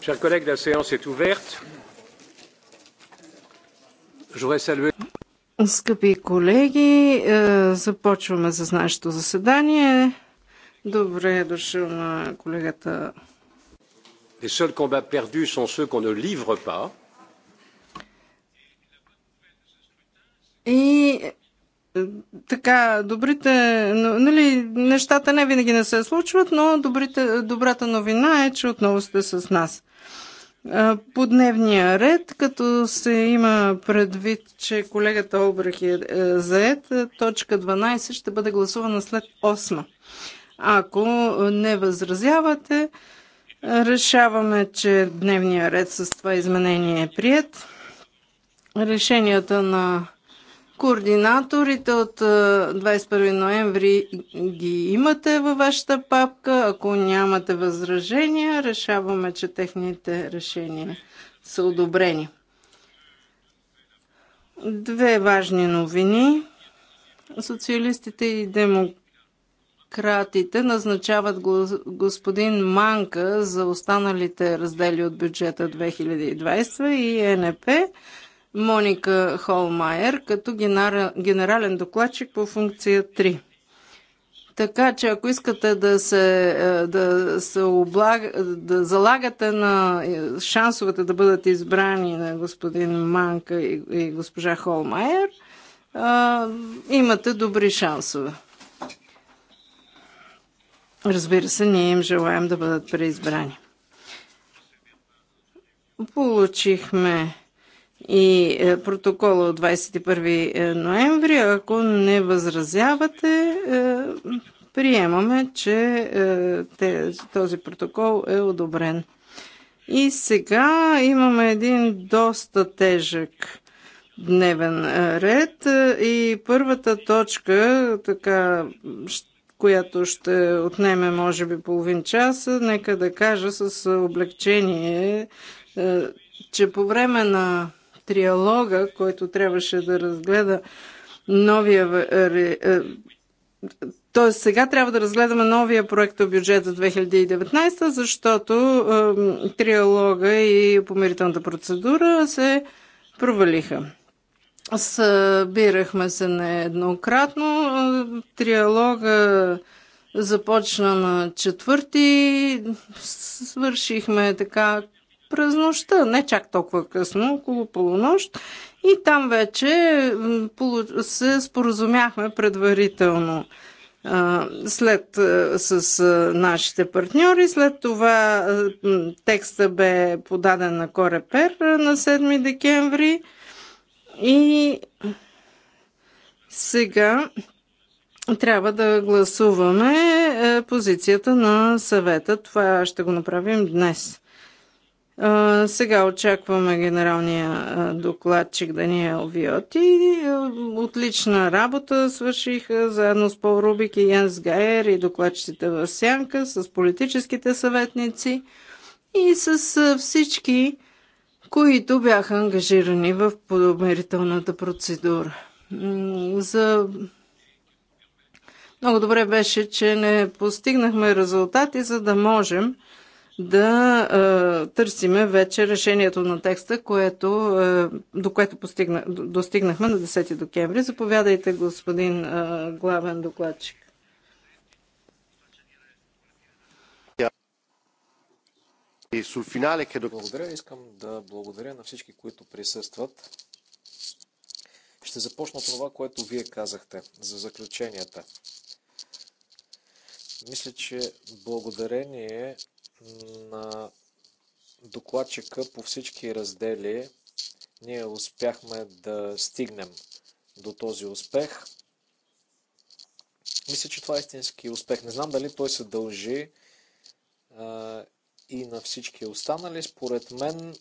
Chers collègues, la séance est ouverte. Скъпи колеги, е, започваме с нашето заседание. Добре е дошъл на колегата. Les seuls combats perdus sont ceux qu'on ne livre pas. И е, така, добрите, нали, нещата не винаги не се случват, но добрите, добрата новина е, че отново сте с нас по дневния ред, като се има предвид, че колегата Обрах е, е заед, е, точка 12 ще бъде гласувана след 8. Ако не възразявате, решаваме, че дневния ред с това изменение е прият. Решенията на Координаторите от 21 ноември ги имате във вашата папка. Ако нямате възражения, решаваме, че техните решения са одобрени. Две важни новини. Социалистите и демократите назначават господин Манка за останалите раздели от бюджета 2020 и НП Моника Холмайер като генерален докладчик по функция 3. Така че ако искате да се, е, да се облаг, да залагате на е, шансовете да бъдат избрани на господин Манка и, и госпожа Холмайер, а, имате добри шансове. Разбира се, ние им желаем да бъдат преизбрани. Получихме и е, протокола от 21 е, ноември. Ако не възразявате, е, приемаме, че този протокол е одобрен. И сега имаме един доста тежък дневен ред и първата точка, така, която ще отнеме може би половин час, нека да кажа с облегчение, че по време на триалога, който трябваше да разгледа новия. Е, Тоест сега трябва да разгледаме новия проект бюджет за 2019, защото триалога и помирителната процедура се провалиха. Събирахме се нееднократно. Триалога започна на четвърти. Свършихме така през нощта, не чак толкова късно, около полунощ. И там вече се споразумяхме предварително след с нашите партньори. След това текста бе подаден на Корепер на 7 декември и сега трябва да гласуваме е, позицията на съвета. Това ще го направим днес сега очакваме генералния докладчик Даниел Виоти. Отлична работа свършиха заедно с Пол Рубик и Янс Гайер и докладчиците в Сянка, с политическите съветници и с всички, които бяха ангажирани в подобрителната процедура. За много добре беше, че не постигнахме резултати, за да можем да а, е, търсиме вече решението на текста, което, а, е, до което постигна, достигнахме на 10 декември. Заповядайте, господин а, е, главен докладчик. Благодаря. Искам да благодаря на всички, които присъстват. Ще започна това, което вие казахте за заключенията. Мисля, че благодарение на докладчика по всички раздели ние успяхме да стигнем до този успех. Мисля, че това е истински успех. Не знам дали той се дължи а, и на всички останали. Според мен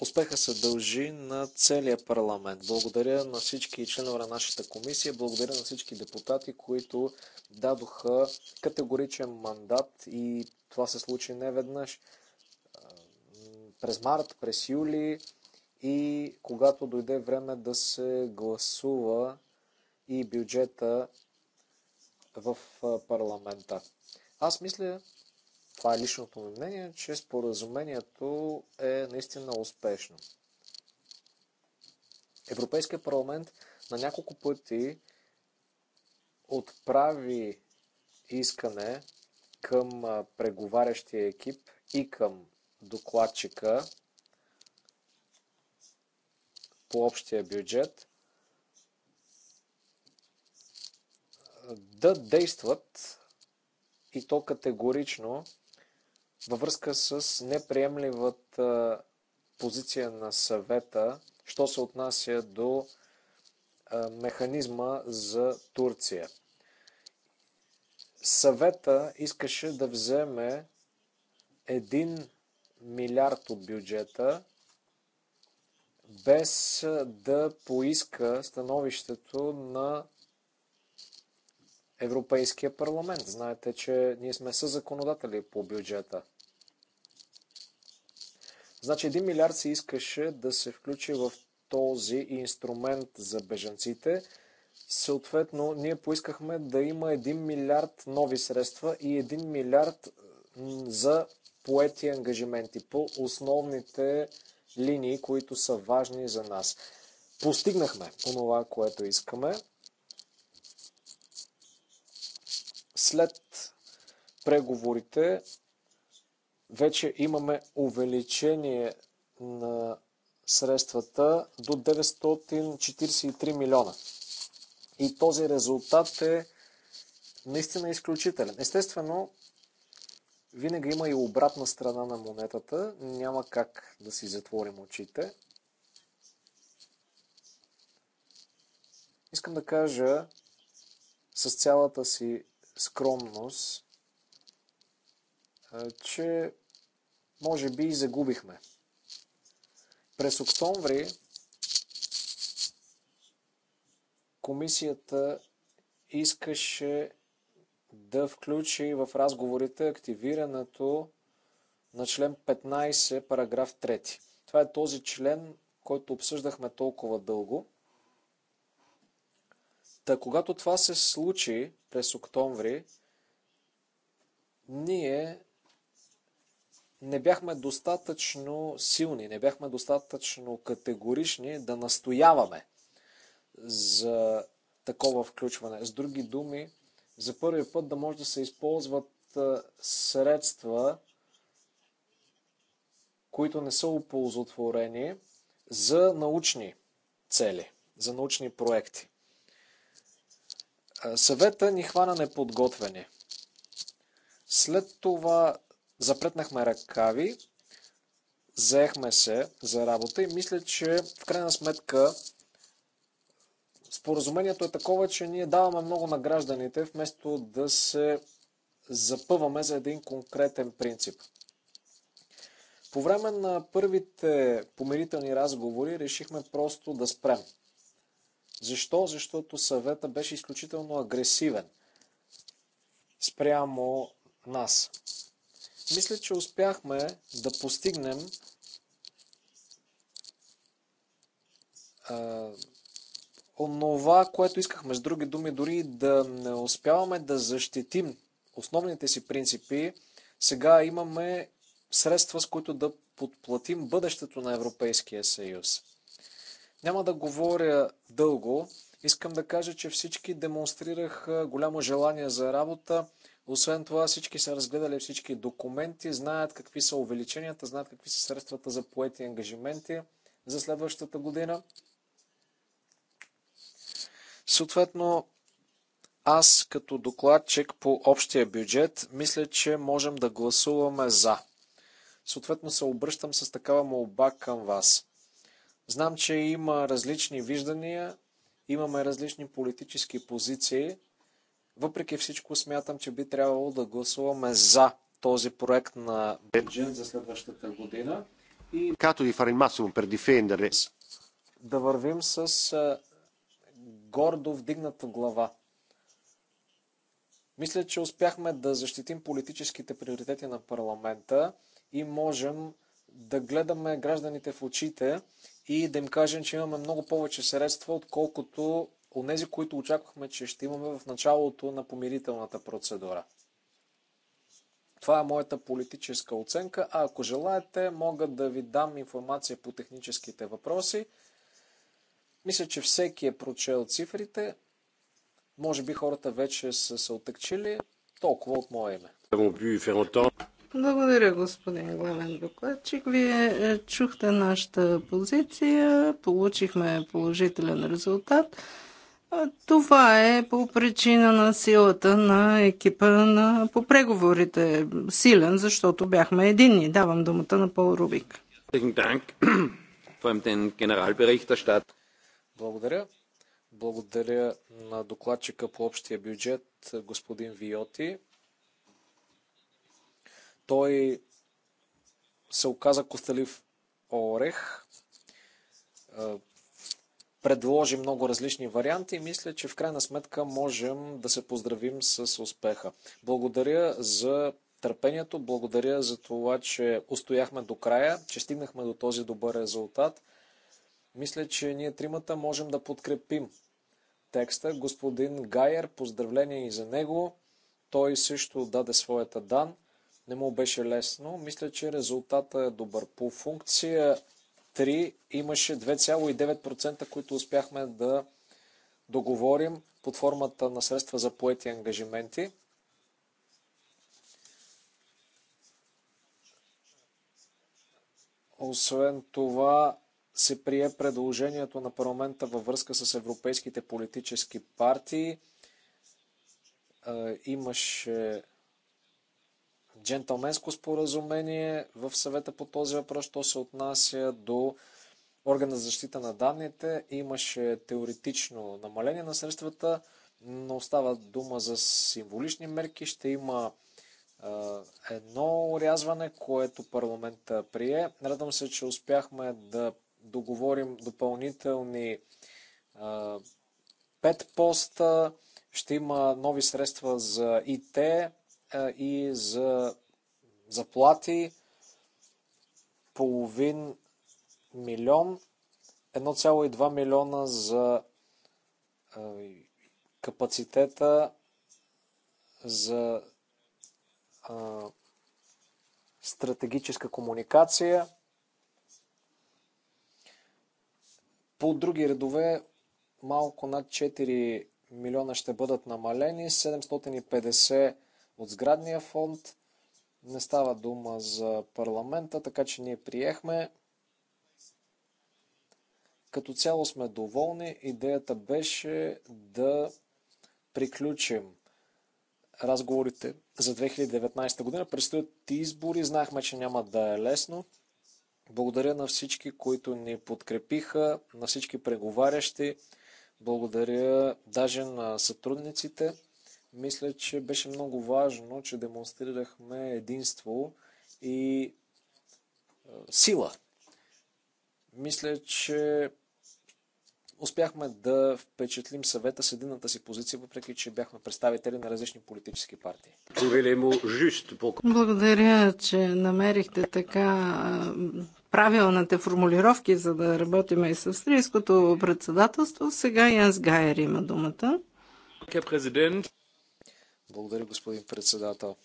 Успеха се дължи на целия парламент. Благодаря на всички членове на нашата комисия, благодаря на всички депутати, които дадоха категоричен мандат и това се случи не веднъж. През март, през юли и когато дойде време да се гласува и бюджета в парламента. Аз мисля, това е личното ми мнение, че споразумението е наистина успешно. Европейския парламент на няколко пъти отправи искане към преговарящия екип и към докладчика по общия бюджет да действат и то категорично във връзка с неприемливата позиция на съвета, що се отнася до механизма за Турция. Съвета искаше да вземе 1 милиард от бюджета, без да поиска становището на Европейския парламент. Знаете, че ние сме със законодатели по бюджета. Значи 1 милиард се искаше да се включи в този инструмент за бежанците. Съответно, ние поискахме да има 1 милиард нови средства и 1 милиард за поети ангажименти по основните линии, които са важни за нас. Постигнахме онова, което искаме. след преговорите вече имаме увеличение на средствата до 943 милиона. И този резултат е наистина изключителен. Естествено, винаги има и обратна страна на монетата. Няма как да си затворим очите. Искам да кажа с цялата си скромност, че може би и загубихме. През октомври комисията искаше да включи в разговорите активирането на член 15, параграф 3. Това е този член, който обсъждахме толкова дълго. Та когато това се случи през октомври, ние не бяхме достатъчно силни, не бяхме достатъчно категорични да настояваме за такова включване. С други думи, за първи път да може да се използват средства, които не са оползотворени за научни цели, за научни проекти. Е, съвета ни хвана неподготвени. След това запретнахме ръкави, заехме се за работа и мисля, че в крайна сметка споразумението е такова, че ние даваме много на гражданите, вместо да се запъваме за един конкретен принцип. По време на първите помирителни разговори решихме просто да спрем защо? Защото съвета беше изключително агресивен спрямо нас. Мисля, че успяхме да постигнем а, онова, което искахме. С други думи, дори да не успяваме да защитим основните си принципи, сега имаме средства, с които да подплатим бъдещето на Европейския съюз. Няма да говоря дълго. Искам да кажа, че всички демонстрирах голямо желание за работа. Освен това, всички са разгледали всички документи, знаят какви са увеличенията, знаят какви са средствата за поети ангажименти за следващата година. Съответно, аз като докладчик по общия бюджет, мисля, че можем да гласуваме за. Съответно се обръщам с такава молба към вас. Знам, че има различни виждания, имаме различни политически позиции. Въпреки всичко смятам, че би трябвало да гласуваме за този проект на бюджет за следващата година и Като масово, да вървим с гордо вдигната глава. Мисля, че успяхме да защитим политическите приоритети на парламента и можем да гледаме гражданите в очите и да им кажем, че имаме много повече средства, отколкото от тези, които очаквахме, че ще имаме в началото на помирителната процедура. Това е моята политическа оценка, а ако желаете, мога да ви дам информация по техническите въпроси. Мисля, че всеки е прочел цифрите. Може би хората вече са се отъкчили. Толкова от мое име. Благодаря, господин главен докладчик. Вие е, чухте нашата позиция, получихме положителен резултат. Това е по причина на силата на екипа на, по преговорите. Силен, защото бяхме единни. Давам думата на Пол Рубик. Благодаря. Благодаря на докладчика по общия бюджет, господин Виоти. Той се оказа костелив орех, предложи много различни варианти и мисля, че в крайна сметка можем да се поздравим с успеха. Благодаря за търпението, благодаря за това, че устояхме до края, че стигнахме до този добър резултат. Мисля, че ние тримата можем да подкрепим текста. Господин Гайер, поздравление и за него. Той също даде своята дан. Не му беше лесно. Мисля, че резултата е добър. По функция 3 имаше 2,9%, които успяхме да договорим под формата на средства за поети ангажименти. Освен това, се прие предложението на парламента във връзка с европейските политически партии. Е, имаше джентълменско споразумение в съвета по този въпрос, що се отнася до органа за защита на данните. Имаше теоретично намаление на средствата, но остава дума за символични мерки. Ще има едно урязване, което парламента прие. Радвам се, че успяхме да договорим допълнителни пет поста. Ще има нови средства за ИТ, е, и за заплати половин милион, 1,2 милиона за е, капацитета за а, е, стратегическа комуникация. По други редове малко над 4 милиона ще бъдат намалени, 750 от сградния фонд. Не става дума за парламента, така че ние приехме. Като цяло сме доволни. Идеята беше да приключим разговорите за 2019 година. Предстоят избори. Знахме, че няма да е лесно. Благодаря на всички, които ни подкрепиха, на всички преговарящи. Благодаря даже на сътрудниците. Мисля, че беше много важно, че демонстрирахме единство и сила. Мисля, че успяхме да впечатлим съвета с едината си позиция, въпреки че бяхме представители на различни политически партии. Благодаря, че намерихте така правилните формулировки, за да работиме и с австрийското председателство. Сега Янс Гайер има думата. президент. Благодаря, господин председател.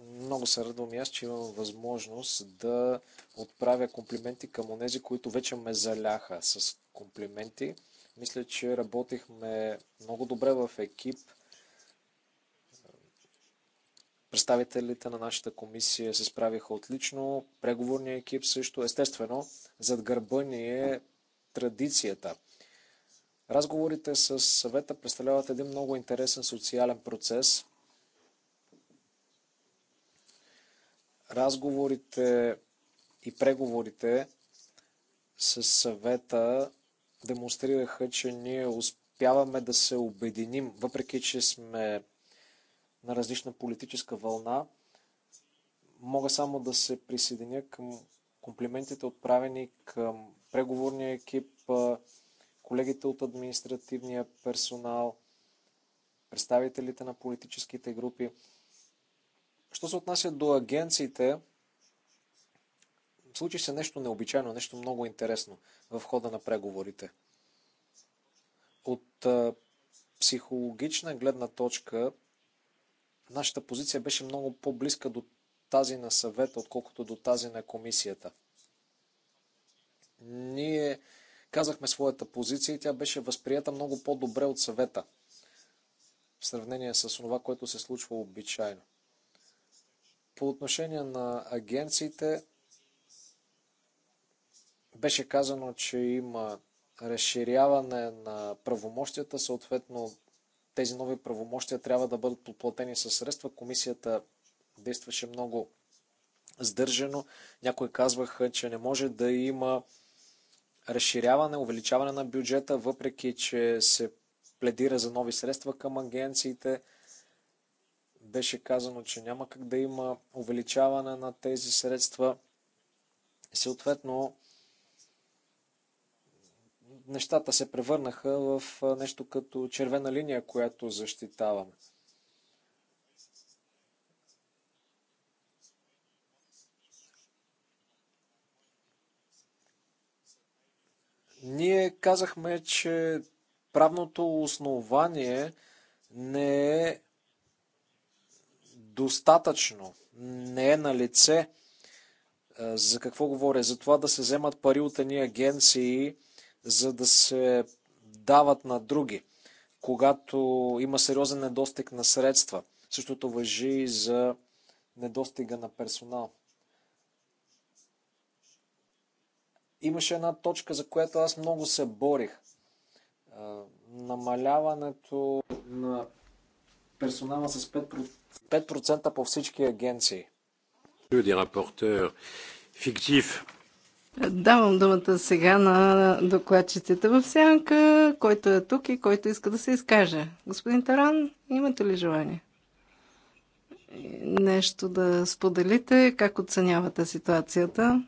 Много се радвам и аз, че имам възможност да отправя комплименти към онези, които вече ме заляха с комплименти. Мисля, че работихме много добре в екип. Представителите на нашата комисия се справиха отлично. Преговорният екип също. Естествено, зад гърба ни е традицията. Разговорите с съвета представляват един много интересен социален процес. Разговорите и преговорите с съвета демонстрираха, че ние успяваме да се обединим, въпреки че сме на различна политическа вълна. Мога само да се присъединя към комплиментите, отправени към преговорния екип, колегите от административния персонал, представителите на политическите групи. Що се отнася до агенциите, случи се нещо необичайно, нещо много интересно в хода на преговорите. От психологична гледна точка, нашата позиция беше много по-близка до тази на съвета, отколкото до тази на комисията – ние казахме своята позиция и тя беше възприята много по-добре от съвета в сравнение с това, което се случва обичайно. По отношение на агенциите, беше казано, че има разширяване на правомощията, съответно тези нови правомощия трябва да бъдат подплатени със средства. Комисията действаше много сдържано. Някои казваха, че не може да има разширяване, увеличаване на бюджета, въпреки че се пледира за нови средства към агенциите. Беше казано, че няма как да има увеличаване на тези средства. Съответно, нещата се превърнаха в нещо като червена линия, която защитаваме. Ние казахме, че правното основание не е достатъчно, не е на лице. За какво говоря? За това да се вземат пари от едни агенции, за да се дават на други, когато има сериозен недостиг на средства. Същото въжи и за недостига на персонал. Имаше една точка, за която аз много се борих. Намаляването на персонала с 5%, 5 по всички агенции. Фиктив. Давам думата сега на докладчиците в сянка, който е тук и който иска да се изкаже. Господин Таран, имате ли желание? Нещо да споделите, как оценявате ситуацията?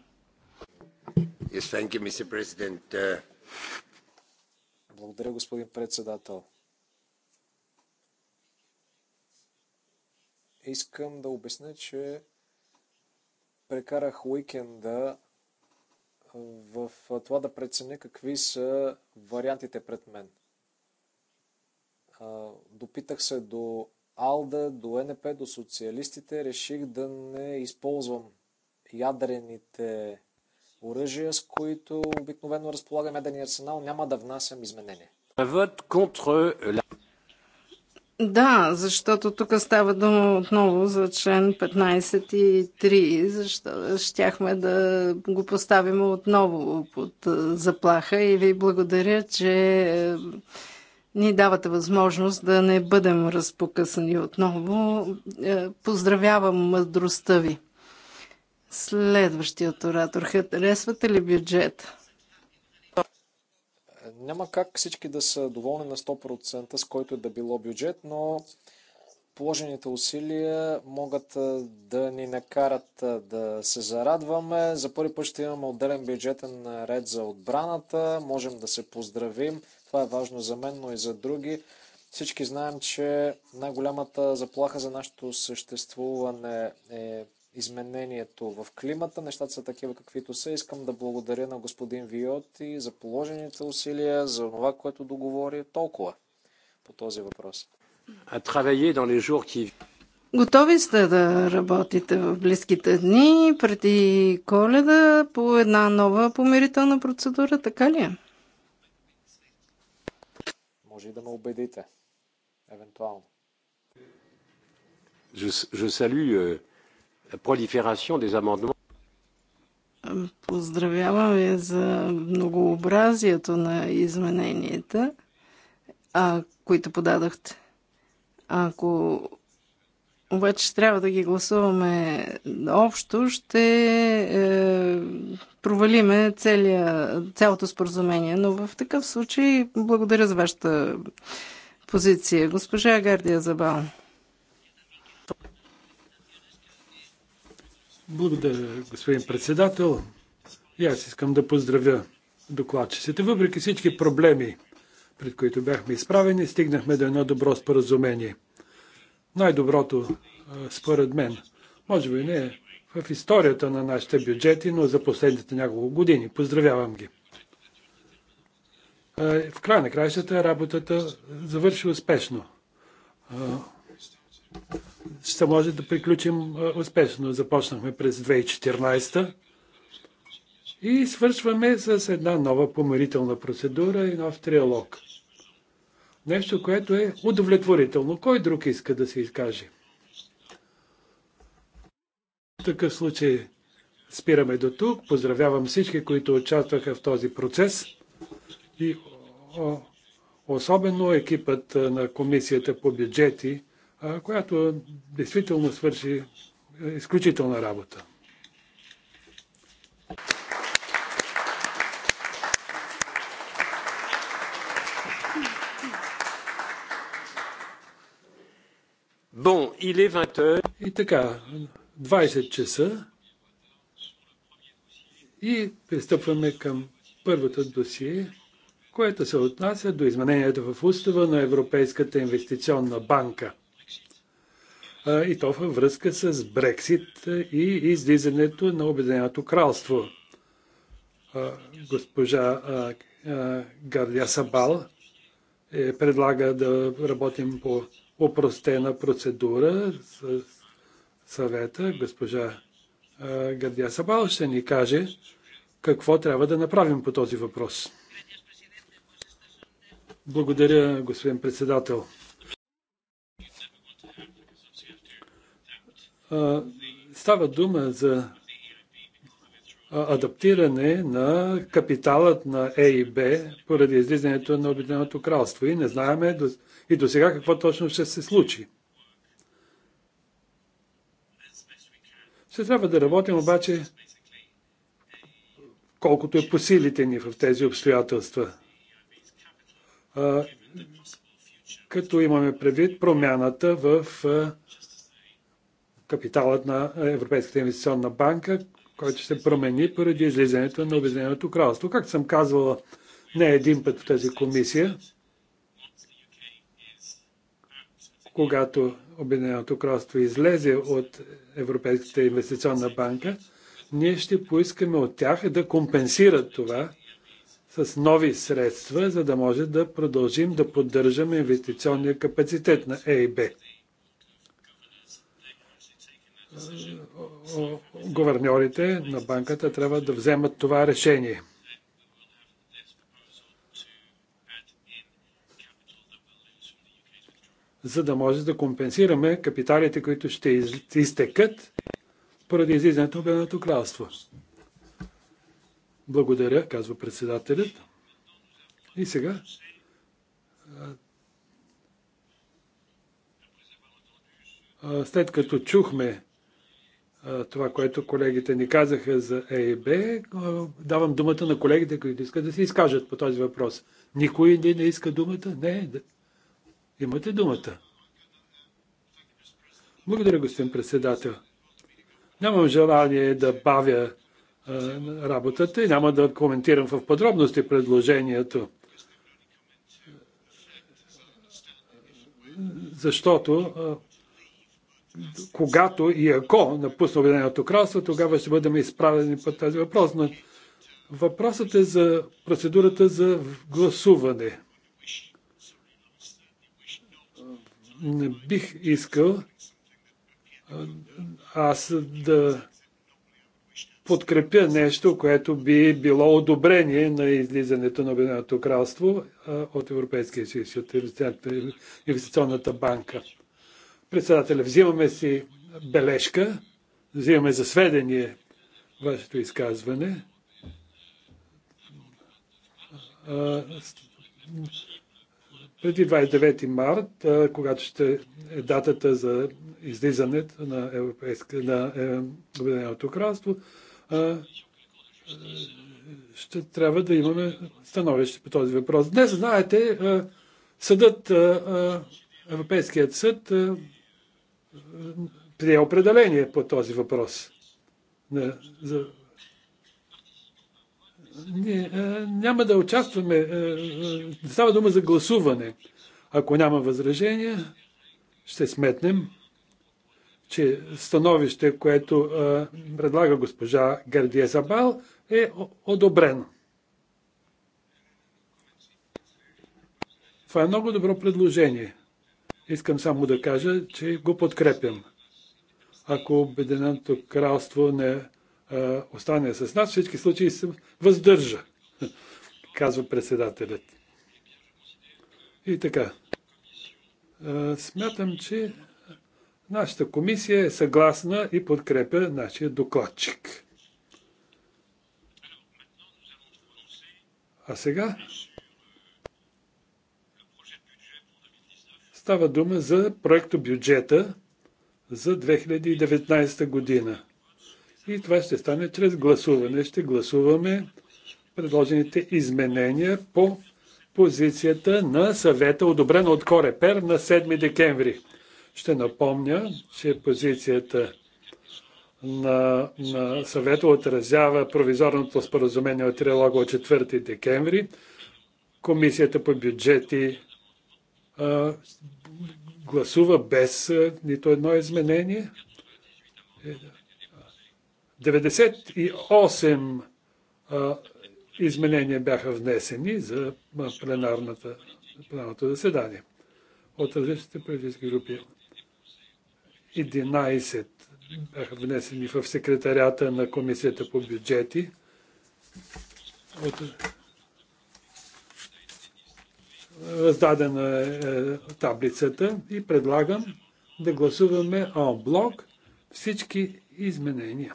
Uh, Благодаря, господин председател. Искам да обясня, че прекарах уикенда в това да преценя какви са вариантите пред мен. Допитах се до Алда, до НП, е, до социалистите. Реших да не използвам ядрените оръжия, с които обикновено разполагаме медения арсенал, няма да внасям изменения. Да, защото тук става дума отново за член 15 и 3, защото щяхме да го поставим отново под е, заплаха и ви благодаря, че е, ни давате възможност да не бъдем разпокъсани отново. Е, поздравявам мъдростта ви. Следващият оратор. Харесвате ли бюджет? Няма как всички да са доволни на 100% с който е да било бюджет, но положените усилия могат да ни накарат да се зарадваме. За първи път ще имаме отделен бюджетен ред за отбраната. Можем да се поздравим. Това е важно за мен, но и за други. Всички знаем, че най-голямата заплаха за нашето съществуване е изменението в климата. Нещата са такива каквито са. Искам да благодаря на господин Виоти за положените усилия, за това, което договори толкова по този въпрос. Готови сте да работите в близките дни преди коледа по една нова помирителна процедура, така ли е? Може и да ме убедите, евентуално. Je, je salue euh, пролиферация на amendements. Поздравявам ви за многообразието на измененията, а, които подадахте. Ако обаче трябва да ги гласуваме общо, ще е, провалиме целия, цялото споразумение. Но в такъв случай благодаря за вашата позиция. Госпожа Гардия Забал. Благодаря, господин председател. И аз искам да поздравя докладчиците. Въпреки всички проблеми, пред които бяхме изправени, стигнахме до едно добро споразумение. Най-доброто, според мен, може би не е в историята на нашите бюджети, но за последните няколко години. Поздравявам ги. В края на краищата работата завърши успешно ще може да приключим успешно. Започнахме през 2014 и свършваме с една нова помирителна процедура и нов триалог. Нещо, което е удовлетворително. Кой друг иска да се изкаже? В такъв случай спираме до тук. Поздравявам всички, които участваха в този процес и особено екипът на Комисията по бюджети, която действително свърши е, изключителна работа. Bon, il est 20 heures. И така, 20 часа и пристъпваме към първото досие, което се отнася до изменението в устава на Европейската инвестиционна банка и то във връзка с Брексит и излизането на Обединеното кралство. Госпожа Гардия Сабал е, предлага да работим по опростена процедура с съвета. Госпожа Гардия Сабал ще ни каже какво трябва да направим по този въпрос. Благодаря, господин председател. Става дума за адаптиране на капиталът на Е и Б поради излизането на Обединеното кралство. И не знаеме и до сега какво точно ще се случи. Ще трябва да работим обаче колкото е по силите ни в тези обстоятелства. А, като имаме предвид промяната в а, капиталът на Европейската инвестиционна банка, който ще промени поради излизането на Обединеното кралство. Както съм казвала не един път в тази комисия, когато Обединеното кралство излезе от Европейската инвестиционна банка, ние ще поискаме от тях да компенсират това с нови средства, за да може да продължим да поддържаме инвестиционния капацитет на ЕИБ. Говерньорите на банката трябва да вземат това решение. за да може да компенсираме капиталите, които ще изтекат поради излизането на Обединеното кралство. Благодаря, казва председателят. И сега. След като чухме това, което колегите ни казаха за ЕИБ. Давам думата на колегите, които искат да се изкажат по този въпрос. Никой не, не иска думата? Не. Имате думата. Благодаря, господин председател. Нямам желание да бавя а, работата и няма да коментирам в подробности предложението. Защото а, когато и ако напусне Обединеното кралство, тогава ще бъдем изправени по тази въпрос. Но въпросът е за процедурата за гласуване. Не бих искал аз да подкрепя нещо, което би било одобрение на излизането на Обединеното кралство от Европейския съюз, от Инвестиционната банка. Председателя, взимаме си бележка, взимаме за сведение вашето изказване. Преди 29 март, когато ще е датата за излизането на, Европейска, на е, Обединеното кралство, ще трябва да имаме становище по този въпрос. Днес, знаете, съдът, Европейският съд прие определение по този въпрос. Не, за... Не, е, няма да участваме. Не е, става дума за гласуване. Ако няма възражение, ще сметнем, че становище, което е, предлага госпожа Гердия Забал, е одобрено. Това е много добро предложение. Искам само да кажа, че го подкрепям. Ако Обединеното кралство не а, остане с нас, всички случаи се въздържа, казва председателят. И така. А, смятам, че нашата комисия е съгласна и подкрепя нашия докладчик. А сега Става дума за проекто бюджета за 2019 година. И това ще стане чрез гласуване. Ще гласуваме предложените изменения по позицията на съвета, одобрена от Корепер на 7 декември. Ще напомня, че позицията на, на съвета отразява провизорното споразумение от трилога от 4 декември. Комисията по бюджети а, гласува без нито едно изменение. 98 а, изменения бяха внесени за пленарната, пленарното заседание от различните политически групи. 11 бяха внесени в секретарята на Комисията по бюджети. От Раздадена е, е таблицата и предлагам да гласуваме блок всички изменения.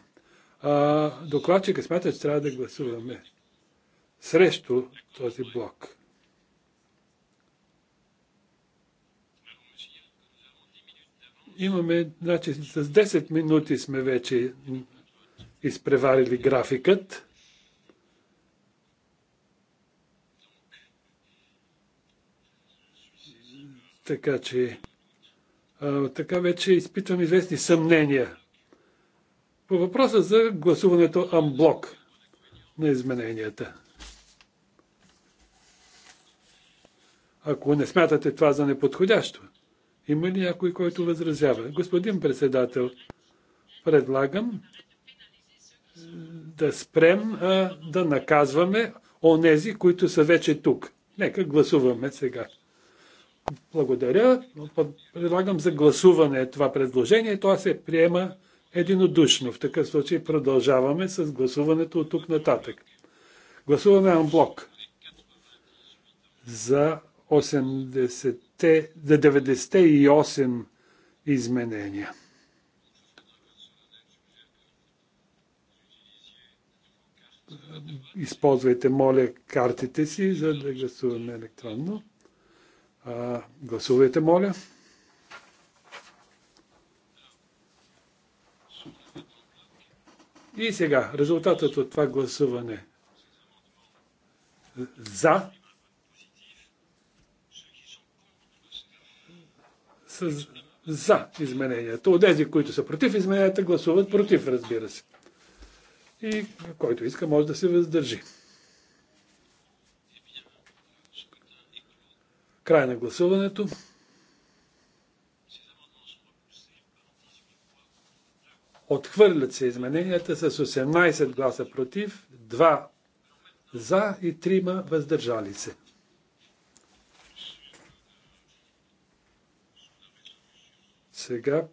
А, докладчика смята, че трябва да гласуваме срещу този блок. Имаме, значи, с 10 минути сме вече изпреварили графикът. Така че, а, така вече изпитвам известни съмнения. По въпроса за гласуването амблок на измененията. Ако не смятате това за неподходящо, има ли някой, който възразява? Господин председател, предлагам е, да спрем а, да наказваме онези, които са вече тук. Нека гласуваме сега. Благодаря. Предлагам за гласуване това предложение. Това се приема единодушно. В такъв случай продължаваме с гласуването от тук нататък. Гласуваме на блок за 80 за 98 изменения. Използвайте, моля, картите си, за да гласуваме електронно. А, гласувайте, моля. И сега, резултатът от това гласуване. За. С, за измененията. От тези, които са против измененията, гласуват против, разбира се. И който иска, може да се въздържи. Край на гласуването. Отхвърлят се измененията с 18 гласа против, 2 за и 3 въздържали се. Сега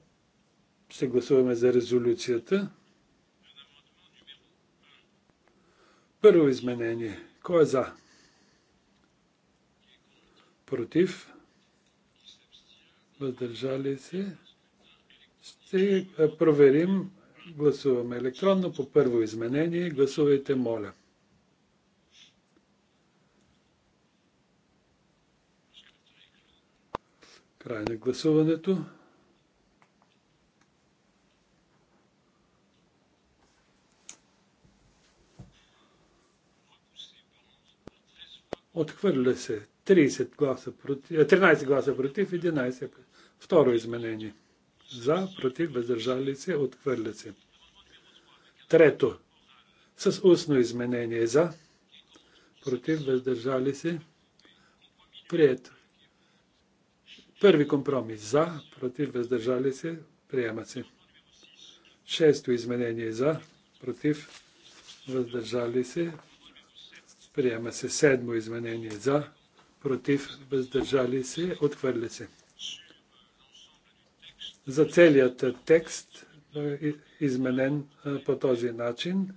ще гласуваме за резолюцията. Първо изменение. Кой е за? против, въздържали се. Ще проверим. Гласуваме електронно по първо изменение. Гласувайте, моля. Край на гласуването. Отхвърля се 30 е, гласа против, 13 гласа против, 11. Второ изменение. За, против, въздържали се, отхвърля се. Трето. С устно изменение за, против, въздържали се, прието. Първи компромис за, против, въздържали се, приема се. Шесто изменение за, против, въздържали се, приема се. Седмо изменение за, против, въздържали се, отхвърля се. За целият текст, е, изменен е, по този начин,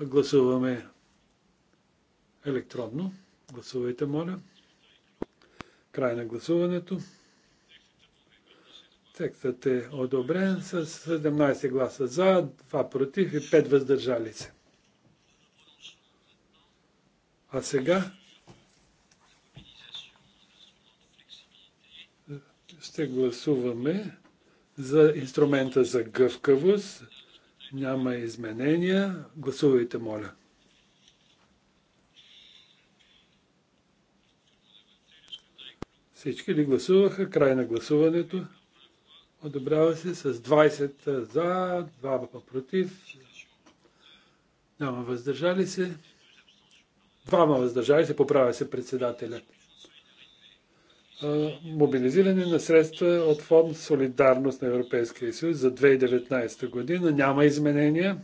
гласуваме електронно. Гласувайте, моля. Край на гласуването. Текстът е одобрен с 17 гласа за, 2 против и 5 въздържали се. А сега ще гласуваме за инструмента за гъвкавост. Няма изменения. Гласувайте, моля. Всички ли гласуваха? Край на гласуването. Одобрява се с 20 за, 2 против. Няма въздържали се. Двама въздържали се, поправя се председателят мобилизиране на средства от фонд Солидарност на Европейския съюз за 2019 година. Няма изменения.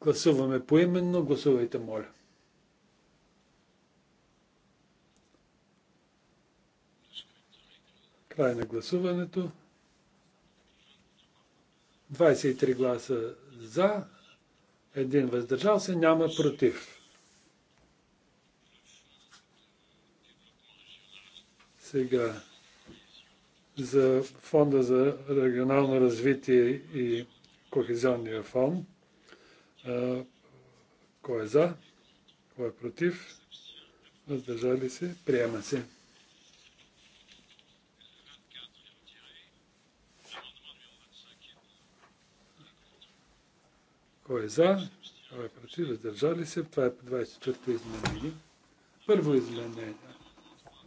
Гласуваме поименно. Гласувайте, моля. Край на гласуването. 23 гласа за, един въздържал се, няма против. Сега за Фонда за регионално развитие и Кохезионния фонд. Кой е за? Кой е против? Въздържали се? Приема се. Кой е за? Кой е против? Въздържали се? Това е 24-то изменение. Първо изменение.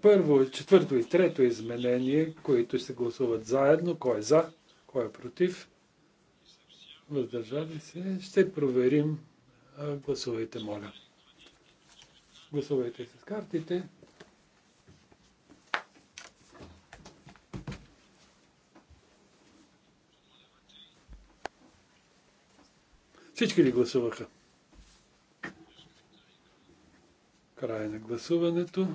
Първо, четвърто и трето изменение, които се гласуват заедно. Кой е за, кой е против? Въздържали се. Ще проверим. Гласувайте, моля. Гласувайте с картите. Всички ли гласуваха? Край на гласуването.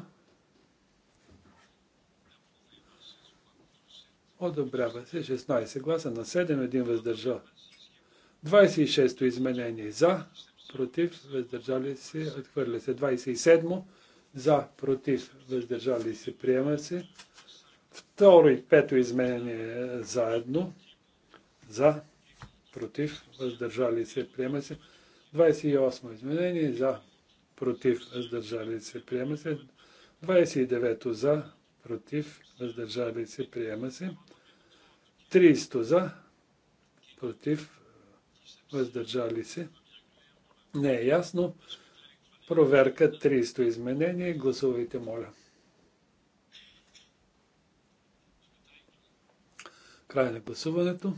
Одобрява се 16 гласа на 7, един въздържал. 26-то изменение за, против, въздържали се, отхвърля се. 27-мо за, против, въздържали се, приема се. Второ и пето изменение заедно. За, против, въздържали се, приема се. 28 изменение за, против, въздържали се, приема се. 29 за, против, въздържали се, приема се. 300 за, против, въздържали се. Не е ясно. Проверка 300 изменение. Гласувайте, моля. Край на гласуването.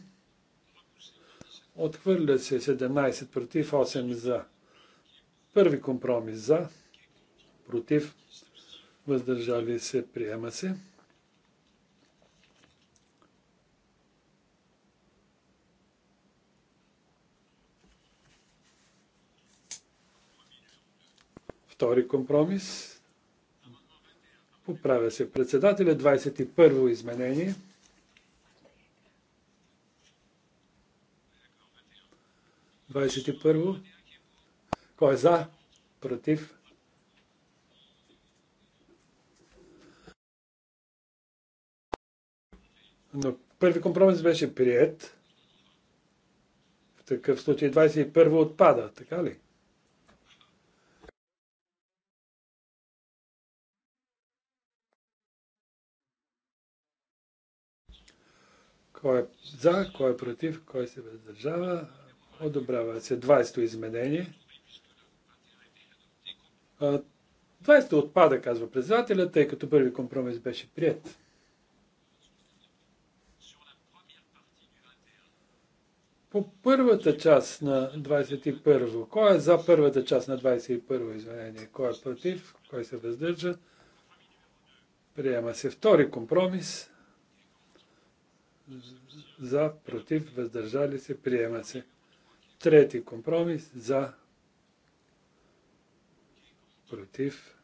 Отхвърля се 17 против, 8 за. Първи компромис за, против, въздържали се, приема се. Втори компромис. Поправя се председателя. 21-во изменение. Двадесет първо. Кой е за? Против? Но първи компромис беше прият. В такъв случай 21 отпада, така ли? Кой е за, кой е против, кой се въздържава. Одобрява се 20-то изменение. 20-то отпада, казва председателя, тъй като първи компромис беше прият. По първата част на 21-во, кой е за първата част на 21-во изменение? Кой е против? Кой се въздържа? Приема се втори компромис за, против, въздържали се, приема се. Трети компромис за, против,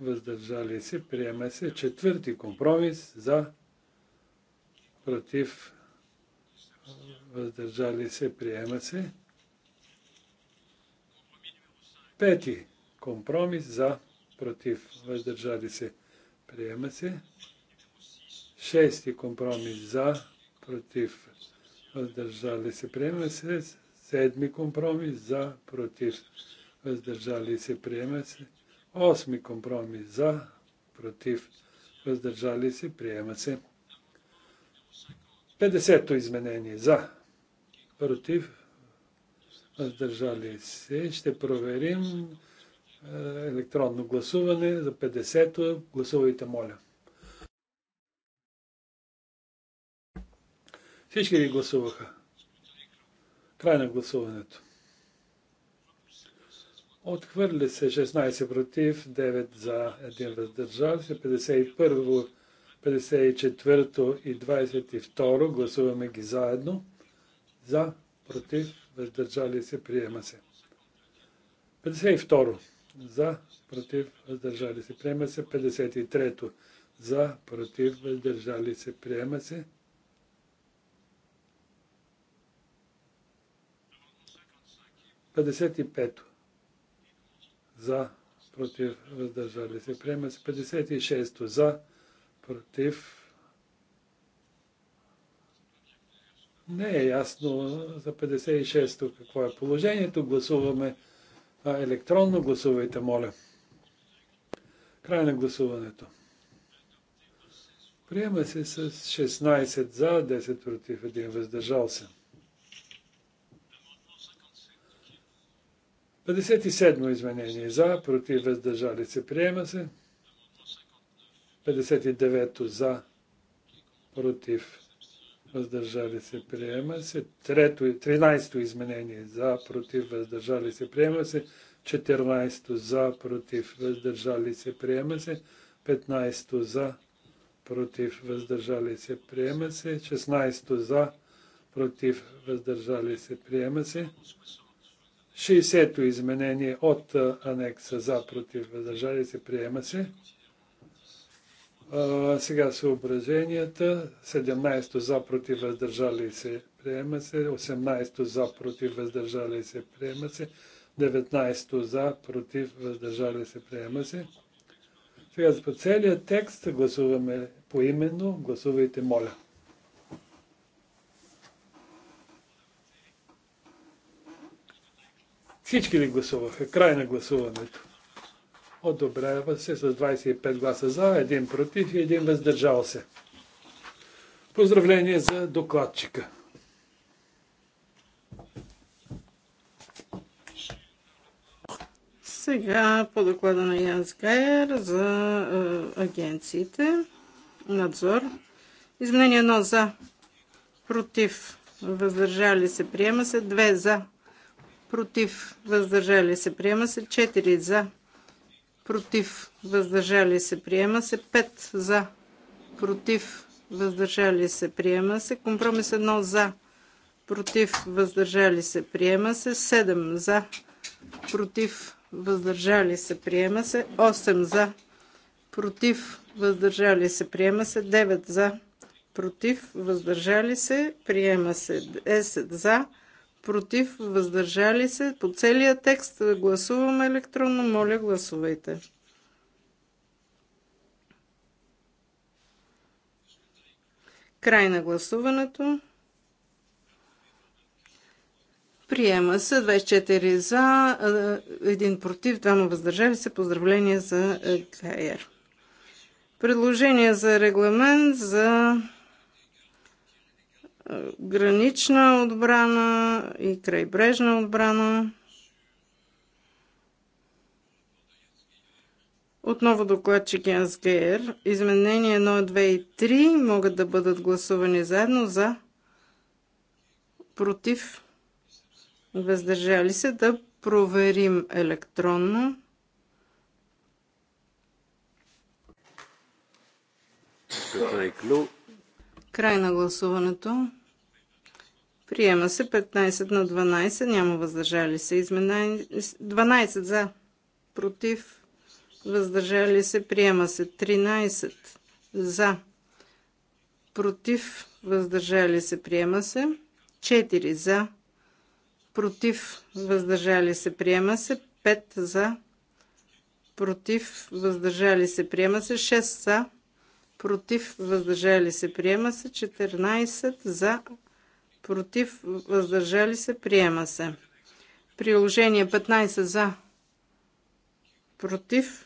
въздържали се, приема се. Четвърти компромис за, против, въздържали се, приема се. Пети компромис за, против, въздържали се, приема се. Шести компромис за, против, въздържали се, приема се. Седми компромис за, против, въздържали се, приема се. Осми компромис за, против, въздържали се, приема се. 50 изменение за, против, въздържали се. Ще проверим е, електронно гласуване за 50-то. Гласувайте, моля. Всички ли гласуваха? Край на гласуването. Отхвърли се 16 против, 9 за, 1 въздържал се, 51, 54 и 22 гласуваме ги заедно. За, против, въздържали се, приема се. 52 за, против, въздържали се, приема се. 53 за, против, въздържали се, приема се. 55 за, против, въздържали се. Приема се 56 за, против. Не е ясно за 56-то какво е положението. Гласуваме електронно. Гласувайте, моля. Край на гласуването. Приема се с 16 за, 10 против, 1 въздържал се. 57 изменение за, против, въздържали се, приема се. 59 за, против, въздържали се, приема се. 13 изменение за, против, въздържали се, приема се. 14 за, против, въздържали се, приема се. 15 за, против, въздържали се, приема се. 16 за, против, въздържали се, приема се. 60-то изменение от анекса за против въздържали се приема се. сега съображенията. 17-то за против въздържали се приема се. 18-то за против въздържали се приема се. 19-то за против въздържали се приема се. Сега по целият текст гласуваме поименно. Гласувайте, моля. Всички ли гласуваха? Край на гласуването. Одобрява се с 25 гласа за, един против и един въздържал се. Поздравление за докладчика. Сега по доклада на Янс Гайер за е, агенциите. Надзор. Изменение 1 за, против, въздържали се, приема се, 2 за, против, въздържали се, приема се 4 за, против, въздържали се, приема се 5 за, против, въздържали се, приема се компромис 1 за, против, въздържали се, приема се 7 за, против, въздържали се, приема се 8 за, против, въздържали се, приема се 9 за, против, въздържали се, приема се 10 за, против, въздържали се. По целия текст гласуваме електронно. Моля, гласувайте. Край на гласуването. Приема се 24 за, 1 е, против, 2 въздържали се. Поздравления за КР. Е, Предложение за регламент за е, гранична отбрана и крайбрежна отбрана. Отново докладчик Янс Гейер. Изменения 1, 2 и 3 могат да бъдат гласувани заедно за против въздържали се да проверим електронно. Край на гласуването. Приема се 15 на 12, няма въздържали се. Изменени 12 за, против, въздържали се. Приема се 13 за, против, въздържали се. Приема се 4 за, против, въздържали се. Приема се 5 за, против, въздържали се. Приема се 6 за, против, въздържали се. Приема се 14 за, против, въздържали се, приема се. Приложение 15 за, против.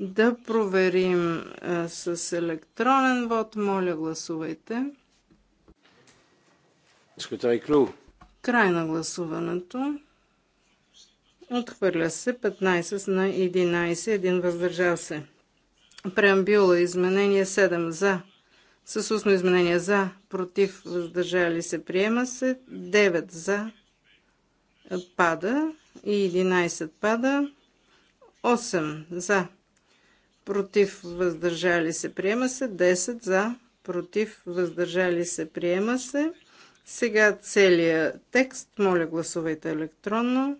Да проверим а, с електронен вод. Моля, гласувайте. Край на гласуването. Отхвърля се 15 на 11, един въздържал се. Преамбюла изменение 7 за с устно изменение за, против, въздържали се, приема се. 9 за, пада. И 11 пада. 8 за, против, въздържали се, приема се. 10 за, против, въздържали се, приема се. Сега целият текст. Моля, гласувайте електронно.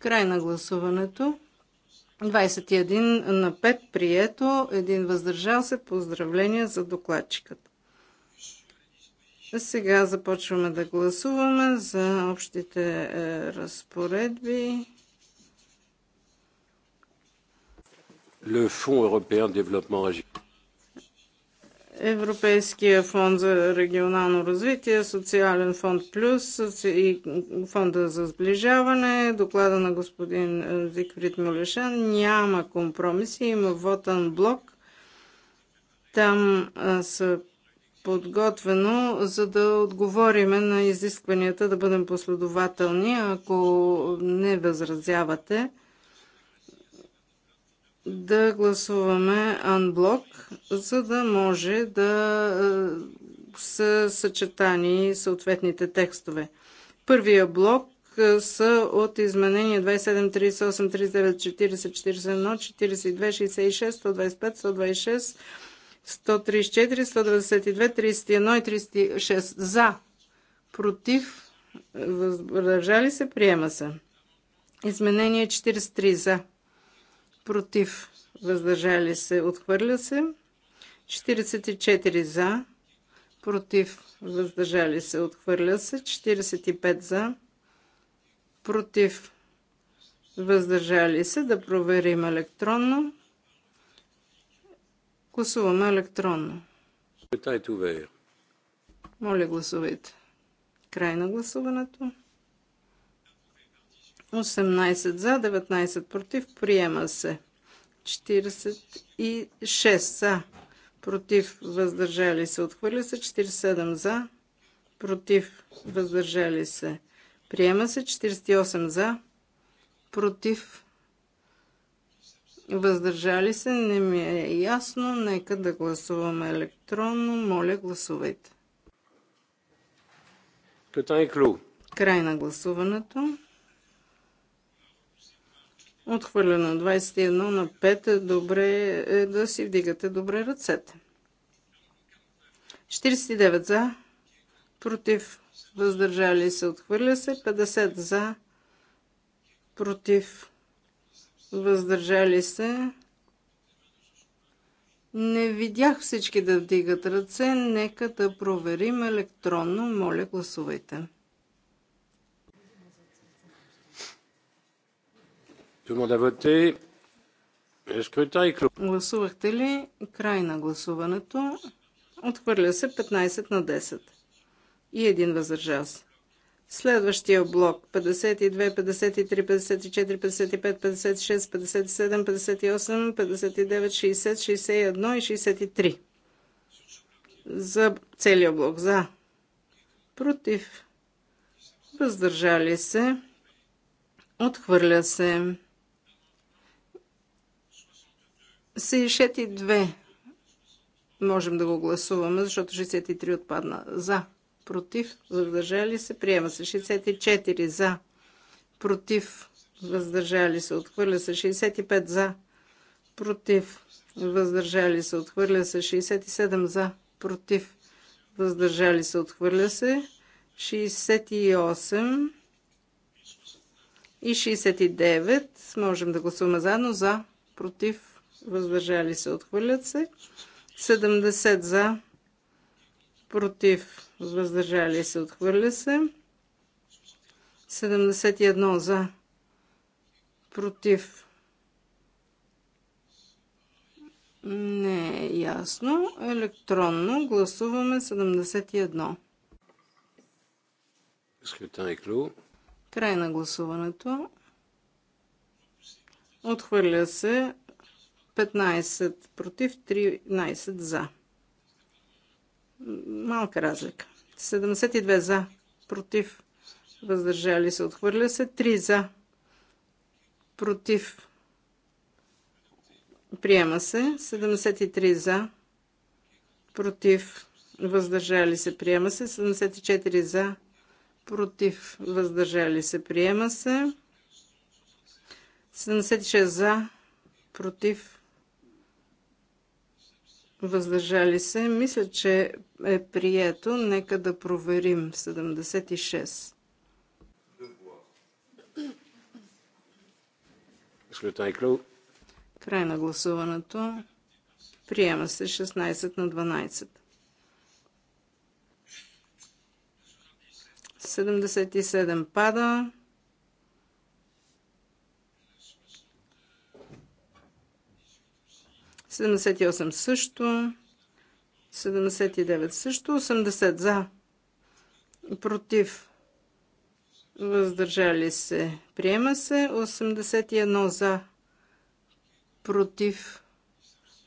Край на гласуването. 21 на 5 прието, един въздържал се. Поздравления за докладчиката. Сега започваме да гласуваме за общите е, разпоредби. Le Fonds européen de développement régional. Европейския фонд за регионално развитие, Социален фонд Плюс и фонда за сближаване, доклада на господин е, Зикврид Молешан, няма компромиси, има вотан блок. Там е, са подготвено, за да отговориме на изискванията да бъдем последователни, ако не възразявате да гласуваме анблок, за да може да е, са съчетани съответните текстове. Първия блок е, са от изменения 27, 38, 39, 40, 41, 42, 66, 125, 126, 134, 192, 31 и 36. За, против, въздържали се, приема се. Изменение 43 за против, въздържали се, отхвърля се. 44 за, против, въздържали се, отхвърля се. 45 за, против, въздържали се, да проверим електронно. Гласуваме електронно. Моля, гласувайте. Край на гласуването. 18 за, 19 против. Приема се. 46 за, против, въздържали се. Отхвърля се. 47 за, против, въздържали се. Приема се. 48 за, против, въздържали се. Не ми е ясно. Нека да гласуваме електронно. Моля, гласувайте. Край на гласуването. Отхвърлено 21 на 5. Е добре е да си вдигате добре ръцете. 49 за. Против. Въздържали се. Отхвърля се. 50 за. Против. Въздържали се. Не видях всички да вдигат ръце. Нека да проверим електронно. Моля, гласувайте. Гласувахте ли? Край на гласуването. Отхвърля се 15 на 10. И един въздържал се. Следващия блок 52, 53, 54, 55, 56, 57, 58, 59, 60, 61 и 63. За целия блок. За. Против. Въздържали се. Отхвърля се. 62 можем да го гласуваме, защото 63 отпадна. За. Против. Въздържали се. Приема се. 64 за. Против. Въздържали се. Отхвърля се. 65 за. Против. Въздържали се. Отхвърля се. 67 за. Против. Въздържали се. Отхвърля се. 68 и 69. Можем да гласуваме заедно. За. Против въздържали се, отхвърлят се. 70 за, против, въздържали се, отхвърля се. 71 за, против, не е ясно. Електронно гласуваме 71. Скрутен е клю. Край на гласуването. Отхвърля се 15 против, 13 за. Малка разлика. 72 за, против, въздържали се, отхвърля се. 3 за, против, приема се. 73 за, против, въздържали се, приема се. 74 за, против, въздържали се, приема се. 76 за, против, въздържали се. Мисля, че е прието. Нека да проверим. 76. Край на гласуването. Приема се 16 на 12. 77 пада. 78 също. 79 също. 80 за. Против. Въздържали се. Приема се. 81 за. Против.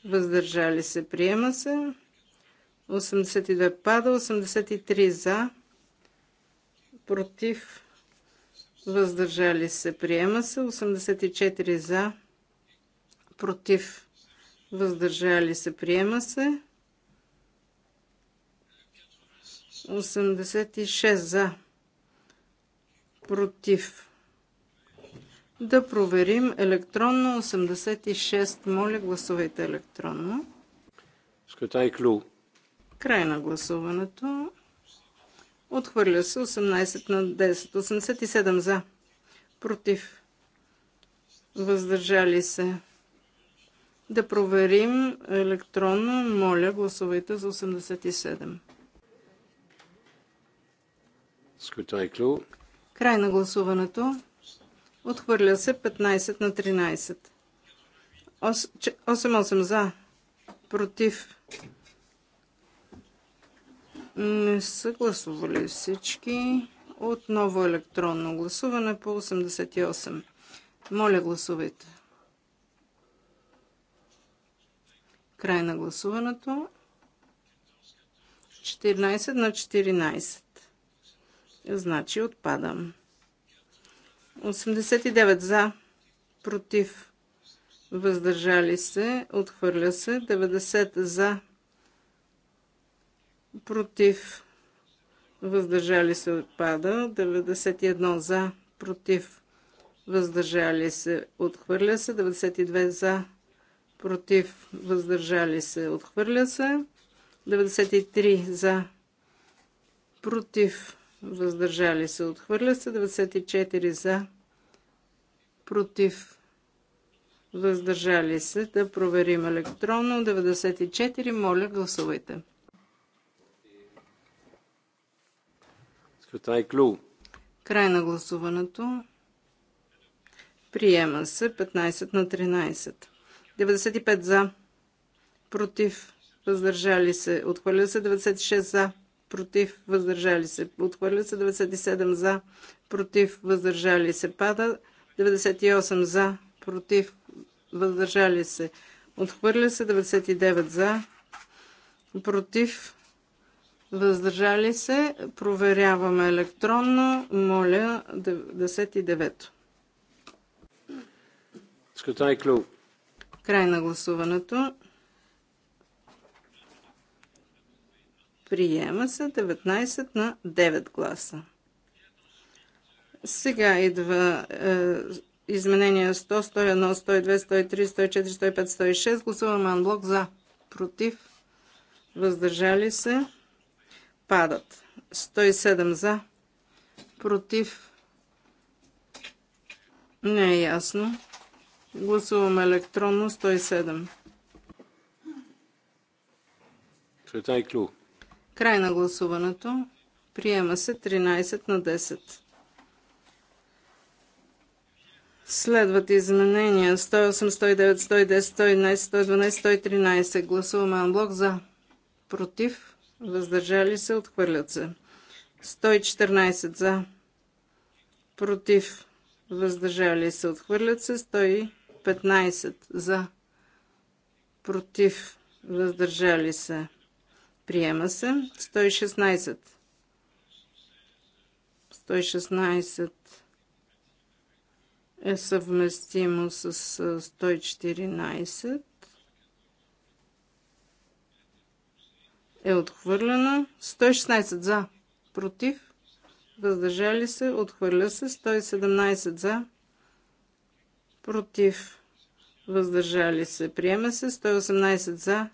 Въздържали се. Приема се. 82 пада. 83 за. Против. Въздържали се. Приема се. 84 за. Против въздържали се, приема се. 86 за, против. Да проверим електронно 86. Моля, гласувайте електронно. Скатай клю. Край на гласуването. Отхвърля се 18 на 10. 87 за. Против. Въздържали се. Да проверим електронно. Моля, гласувайте за 87. Скрутай е клю. Край на гласуването. Отхвърля се 15 на 13. 8-8 за. Против. Не са гласували всички. Отново електронно гласуване по 88. Моля, гласувайте. Край на гласуването. 14 на 14. Значи отпадам. 89 за, против, въздържали се, отхвърля се. 90 за, против, въздържали се, отпада. 91 за, против, въздържали се, отхвърля се. 92 за, против, против, въздържали се, отхвърля се. 93 за, против, въздържали се, отхвърля се. 94 за, против, въздържали се. Да проверим електронно. 94, моля, гласувайте. Е Край на гласуването. Приема се 15 на 13. 95 за. Против. Въздържали се. Отхвърля се 96 за. Против. Въздържали се. Отхвърля се 97 за. Против. Въздържали се. Пада 98 за. Против. Въздържали се. Отхвърля се 99 за. Против. Въздържали се. Проверяваме електронно. Моля 99. Скотай клуб. Край на гласуването. Приема се 19 на 9 гласа. Сега идва е, изменения 100, 101, 102, 103, 104, 105, 106. Гласуваме анблок за, против, въздържали се, падат. 107 за, против, не е ясно. Гласуваме електронно 107. Клю. Край на гласуването. Приема се 13 на 10. Следват изменения 108, 109, 110, 111, 112, 113. Гласуваме анблок за. Против. Въздържали се. Отхвърлят се. 114 за. Против. Въздържали се. Отхвърлят се. 100. 15 за, против, въздържали се, приема се. 116. 116 е съвместимо с 114. Е отхвърлено. 116 за, против, въздържали се, отхвърля се. 117 за, против, въздържали се, приема се. 118 за,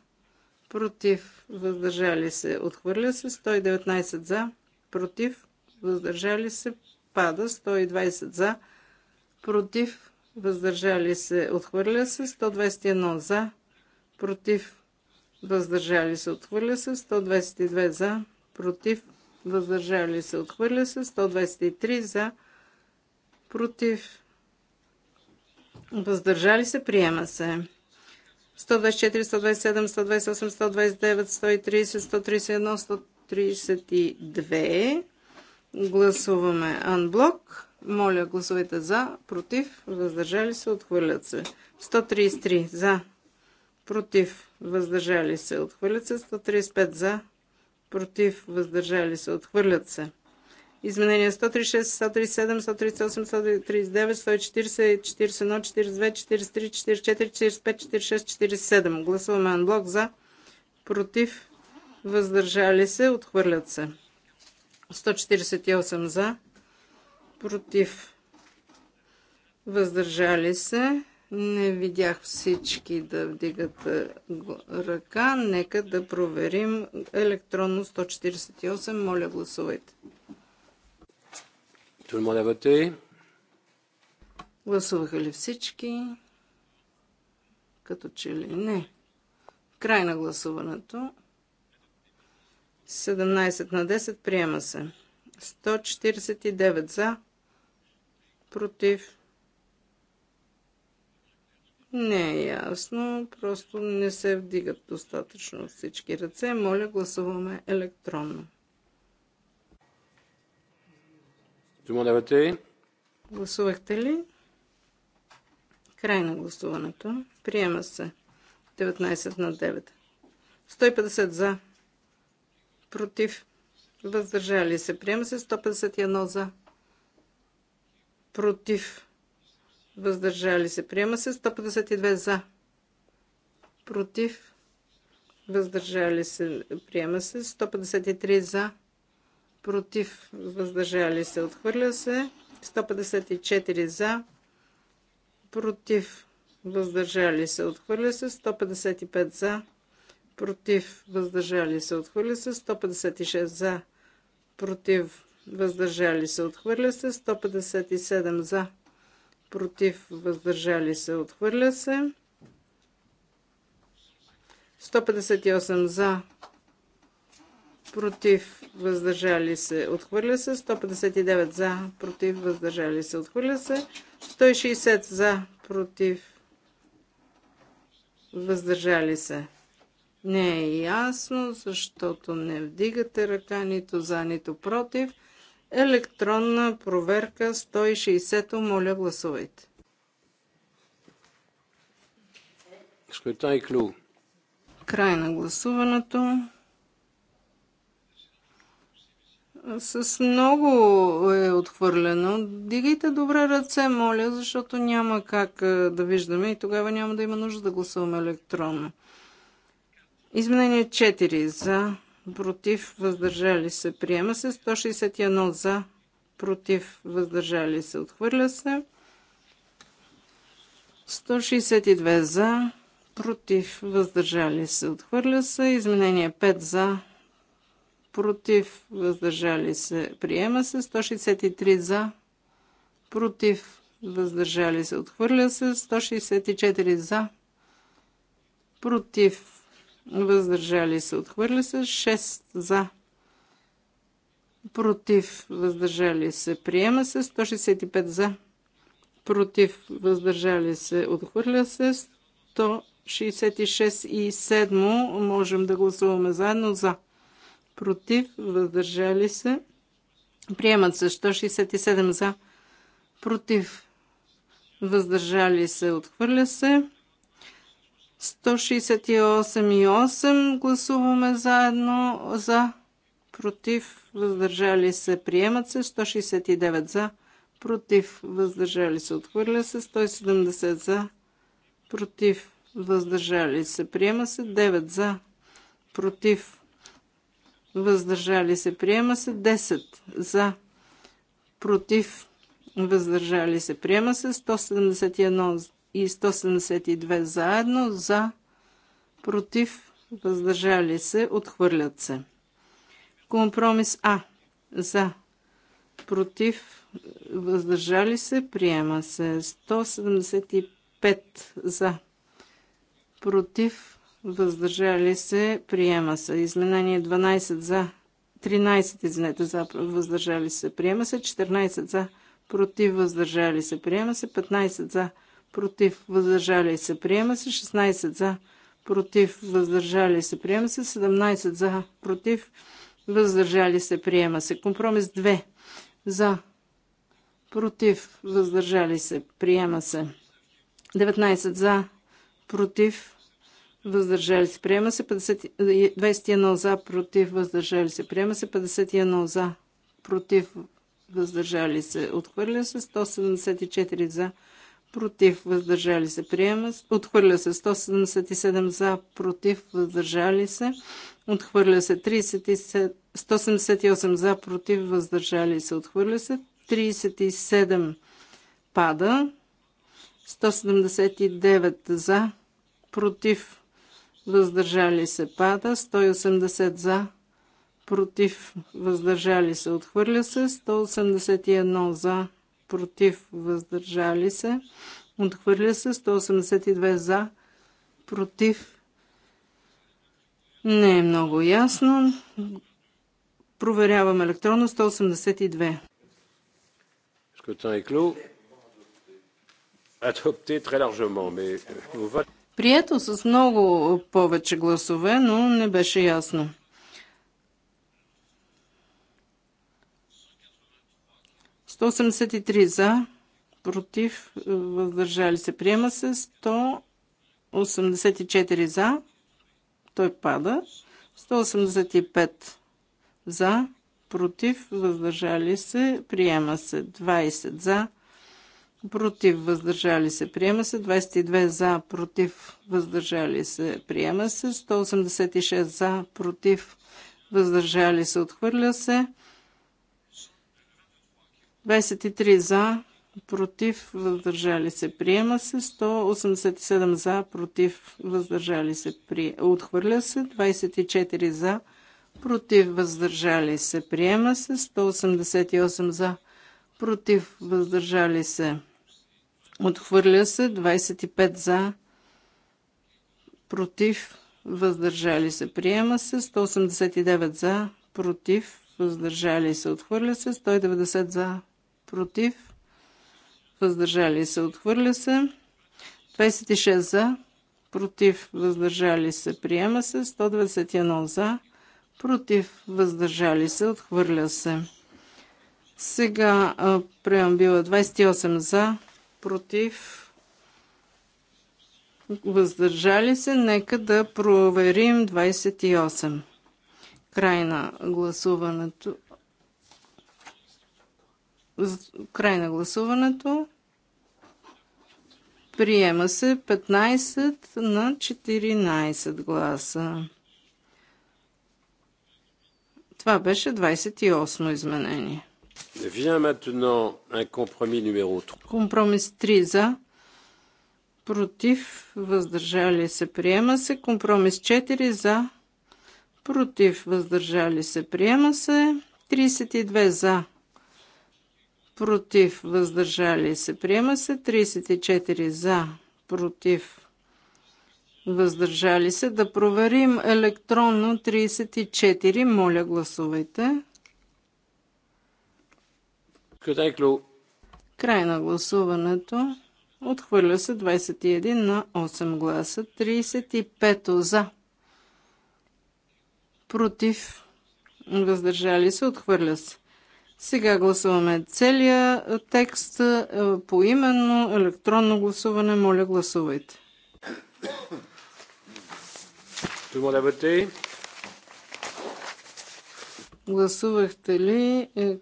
против, въздържали се, отхвърля се. 119 за, против, въздържали се, пада. 120 за, против, въздържали се, отхвърля се. 121 за, против, въздържали се, отхвърля се. 122 за, против, въздържали се, отхвърля се. 123 за, против, Въздържали се, приема се. 124, 127, 128, 129, 130, 131, 132. Гласуваме анблок. Моля, гласувайте за, против, въздържали се, отхвърлят се. 133 за, против, въздържали се, отхвърлят се. 135 за, против, въздържали се, отхвърлят се. Изменения 136, 137, 138, 139, 140, 41, 42, 43, 44, 45, 46, 47. Гласуваме анблок за, против, въздържали се, отхвърлят се. 148 за, против, въздържали се. Не видях всички да вдигат е, ръка. Нека да проверим електронно 148. Моля, гласувайте. Tout le monde a voté? Гласуваха ли всички? Като че ли не. Край на гласуването. 17 на 10 приема се. 149 за. Против. Не е ясно. Просто не се вдигат достатъчно всички ръце. Моля, гласуваме електронно. Гласувахте ли? Край на гласуването. Приема се. 19 на 9. 150 за. Против. Въздържали се. Приема се 151 за. Против. Въздържали се. Приема се 152 за. Против. Въздържали се. Приема се 153 за против, въздържали се, отхвърля се. 154 за, против, въздържали се, отхвърля се. 155 за, против, въздържали се, отхвърля се. 156 за, против, въздържали се, отхвърля се. 157 за, против, въздържали се, отхвърля се. 158 за, против, въздържали се, отхвърля се. 159 за, против, въздържали се, отхвърля се. 160 за, против, въздържали се. Не е ясно, защото не вдигате ръка нито за, нито против. Електронна проверка 160 моля гласувайте. Е Край на гласуването. С много е отхвърлено. Дигайте добре ръце, моля, защото няма как да виждаме и тогава няма да има нужда да гласуваме електронно. Изменение 4 за, против, въздържали се, приема се. 161 за, против, въздържали се, отхвърля се. 162 за, против, въздържали се, отхвърля се. Изменение 5 за, против, въздържали се, приема се. 163 за, против, въздържали се, отхвърля се. 164 за, против, въздържали се, отхвърля се. 6 за, против, въздържали се, приема се. 165 за, против, въздържали се, отхвърля се. 166 и 7 можем да гласуваме заедно за против, въздържали се. Приемат се 167 за, против, въздържали се, отхвърля се. 168 и 8 гласуваме заедно за, против, въздържали се, приемат се. 169 за, против, въздържали се, отхвърля се. 170 за, против, въздържали се, приема се. 9 за, против, въздържали се, приема се 10 за, против, въздържали се, приема се 171 и 172 заедно за, против, въздържали се, отхвърлят се. Компромис А за, против, въздържали се, приема се 175 за, против, въздържали се, приема се. Изменение 12 за, 13 извинете за, въздържали се, приема се. 14 за, против, въздържали се, приема се. 15 за, против, въздържали се, приема се. 16 за, против, въздържали се, приема се. 17 за, против, въздържали се, приема се. Компромис 2 за, против, въздържали се, приема се. 19 за, против, въздържали се, приема се 50, 21 за, против, въздържали се, приема се 51 за, против, въздържали се, отхвърля се 174 за, против, въздържали се, приема се, отхвърля се 177 за, против, въздържали се, отхвърля се 37, 178 за, против, въздържали се, отхвърля се 37 пада, 179 за, против, въздържали се пада, 180 за, против, въздържали се, отхвърля се, 181 за, против, въздържали се, отхвърля се, 182 за, против, не е много ясно. Проверявам електронно 182. Scrutin est clos. Adopté très largement, mais Прието с много повече гласове, но не беше ясно. 183 за, против, въздържали се. Приема се Сто за. Той пада. 185 за, против, въздържали се. Приема се 20 за, против, въздържали се, приема се. 22 за, против, въздържали се, приема се. 186 за, против, въздържали се, отхвърля се. 23 за, против, въздържали се, приема се. 187 за, против, въздържали се, при... отхвърля се. 24 за, против, въздържали се, приема се. 188 за, против, въздържали се, Отхвърля се 25 за, против, въздържали се. Приема се 189 за, против, въздържали се. Отхвърля се 190 за, против, въздържали се. Отхвърля се 26 за, против, въздържали се. Приема се 191 за, против, въздържали се. Отхвърля се. Сега преамбила 28 за, против, въздържали се. Нека да проверим 28. Край на гласуването. Край на гласуването. Приема се 15 на 14 гласа. Това беше 28 изменение. Vient maintenant un compromis numéro 3. Компромис 3 за, против, въздържали се, приема се. Компромис 4 за, против, въздържали се, приема се. 32 за, против, въздържали се, приема се. 34 за, против, въздържали се. Да проверим електронно 34. Моля, гласувайте. Е Край на гласуването. Отхвърля се 21 на 8 гласа. 35 за. Против. Въздържали се. Отхвърля се. Сега гласуваме целия текст е, по именно електронно гласуване. Моля, гласувайте. Гласувахте ли? Е,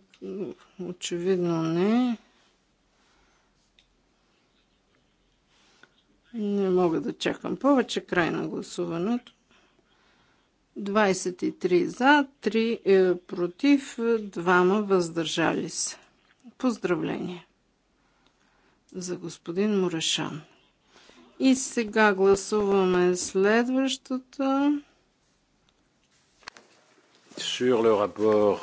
Очевидно не. Не мога да чакам повече край на гласуването. 23 за, 3 е, против, 2 въздържали се. Поздравление за господин Мурашан. И сега гласуваме следващата. Sur le rapport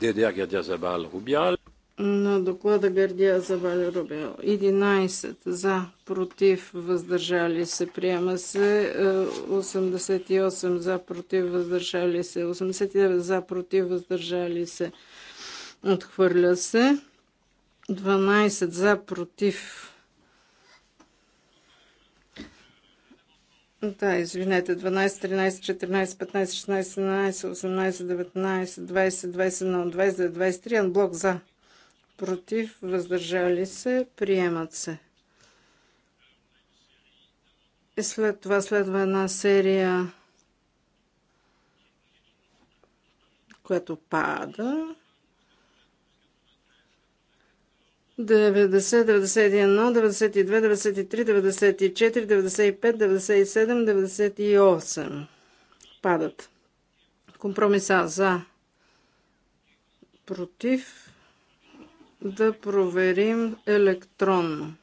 Дедер Гердия Забал Рубиал. На доклада Гардия Забал Рубиал. 11 за, против, въздържали се, приема се. 88 е, за, против, въздържали се. 89 за, против, въздържали се. Отхвърля се. 12 за, против, Да, извинете, 12, 13, 14, 15, 16, 17, 18, 19, 20, 21, 22, 23, анблок за. Против, въздържали се, приемат се. И след това следва една серия, която пада. 90, 91, 92, 93, 94, 95, 97, 98. Падат. Компромиса за. Против. Да проверим електронно.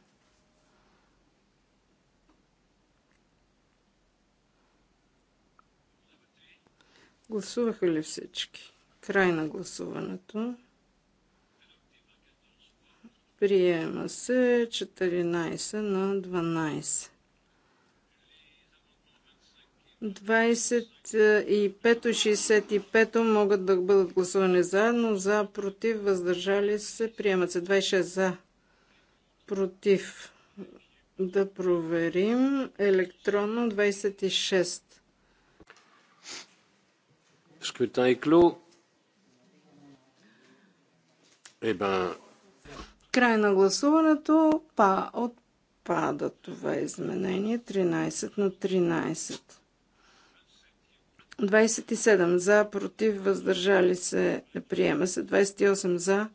Гласуваха ли всички? Край на гласуването. Приема се 14 на 12. 25 и 65 могат да бъдат гласувани заедно. За, против, въздържали се. Приемат се 26 за, против. Да проверим. Електронно 26. Скрутин е клю. Eh е, ben, Край на гласуването па, отпада това изменение 13 на 13. 27 за, против, въздържали се, приема се. 28 за,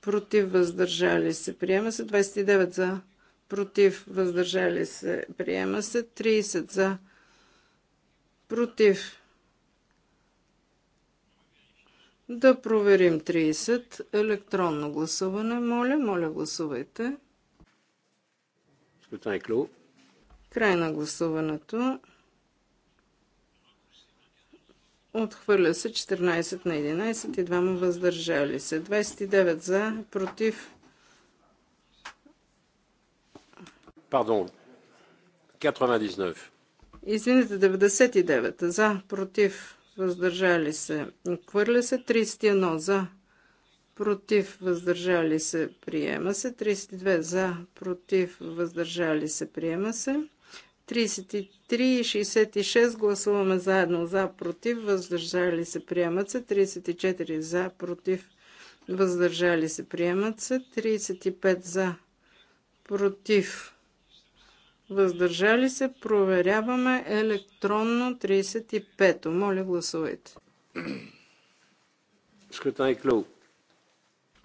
против, въздържали се, приема се. 29 за, против, въздържали се, приема се. 30 за, против, Да проверим 30. Електронно гласуване, моля. Моля, гласувайте. Е Край на гласуването. Отхвърля се 14 на 11 и двама въздържали се. 29 за, против. Пардон. 99. Извинете, 99 за, против въздържали се. Отхвърля се 31 за, против, въздържали се, приема се. 32 за, против, въздържали се, приема се. 33 и 66 гласуваме заедно за, против, въздържали се, приемат се. 34 за, против, въздържали се, приемат се. 35 за, против, въздържали се, проверяваме електронно 35-то. Моля, гласувайте. Скрутай клюв.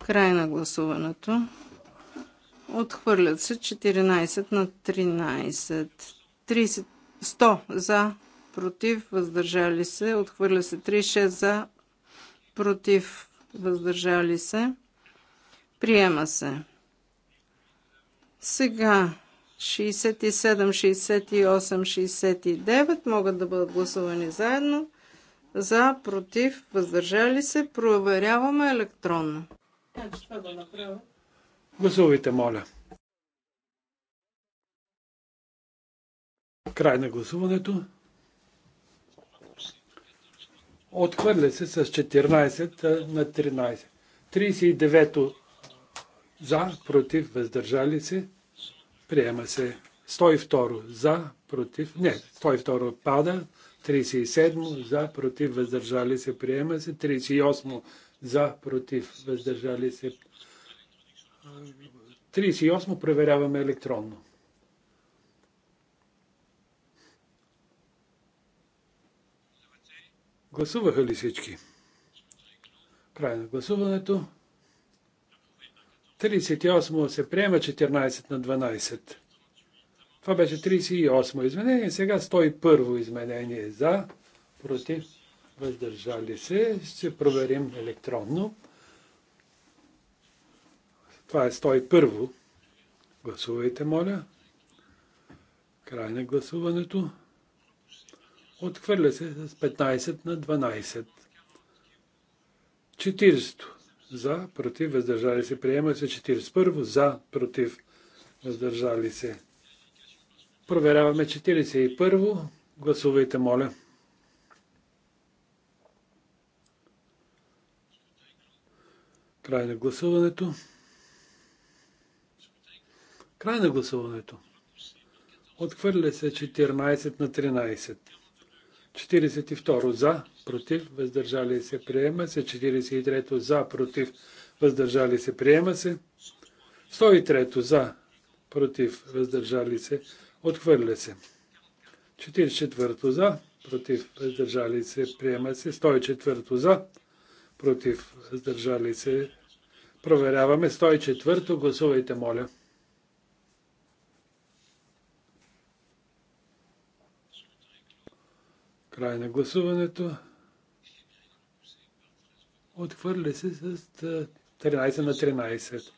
Край на гласуването. Отхвърлят се 14 на 13. 100 за, против, въздържали се. Отхвърля се 36 за, против, въздържали се. Приема се. Сега 67, 68, 69 могат да бъдат гласувани заедно. За, против, въздържали се, проверяваме електронно. Гласувайте, моля. Край на гласуването. Отхвърля се с 14 на 13. 39 за, против, въздържали се. Приема се 102 за, против. Не, 102 пада. 37 за, против, въздържали се. Приема се 38 за, против, въздържали се. 38 проверяваме електронно. Гласуваха ли всички? Край на гласуването. 38 се приема 14 на 12. Това беше 38 изменение, сега 101 изменение за, против, въздържали се. Ще проверим електронно. Това е 101. Гласувайте, моля. Край на гласуването. Отхвърля се с 15 на 12. 40 за, против, въздържали се. Приема се 41 за, против, въздържали се. Проверяваме 41. Гласувайте, моля. Край на гласуването. Край на гласуването. Отхвърля се 14 на 13. 42 за, против, въздържали се, приема се. 43-то за, против, въздържали се, приема се. 103-то за, против, въздържали се, отхвърля се. 44-то за, против, въздържали се, приема се. 104-то за, против, въздържали се. Проверяваме. 104-то, гласувайте, моля. Край на гласуването. Отхвърля се с 13 на 13.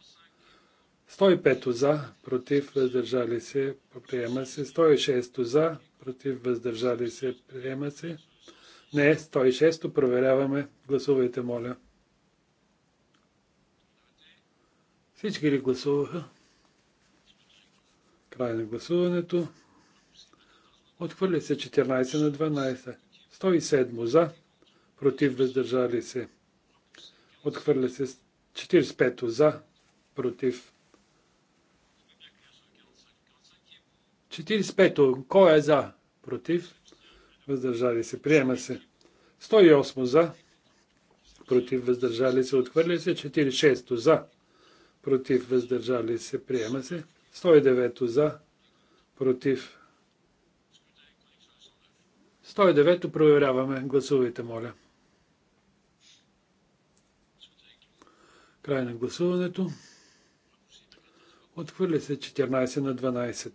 105 за, против, въздържали се, приема се. 106 за, против, въздържали се, приема се. Не, 106 проверяваме. Гласувайте, моля. Всички ли гласуваха? Край на гласуването. Отхвърля се 14 на 12. 107 за, против въздържали се. Отхвърля се 45 за, против. 45 Кой е за? Против. Въздържали се. Приема се. 108 за. Против. Въздържали се. Отхвърля се. 46 за. Против. Въздържали се. Приема се. 109 за. Против. 109 проверяваме. Гласувайте, моля. Край на гласуването. Отхвърля се 14 на 12.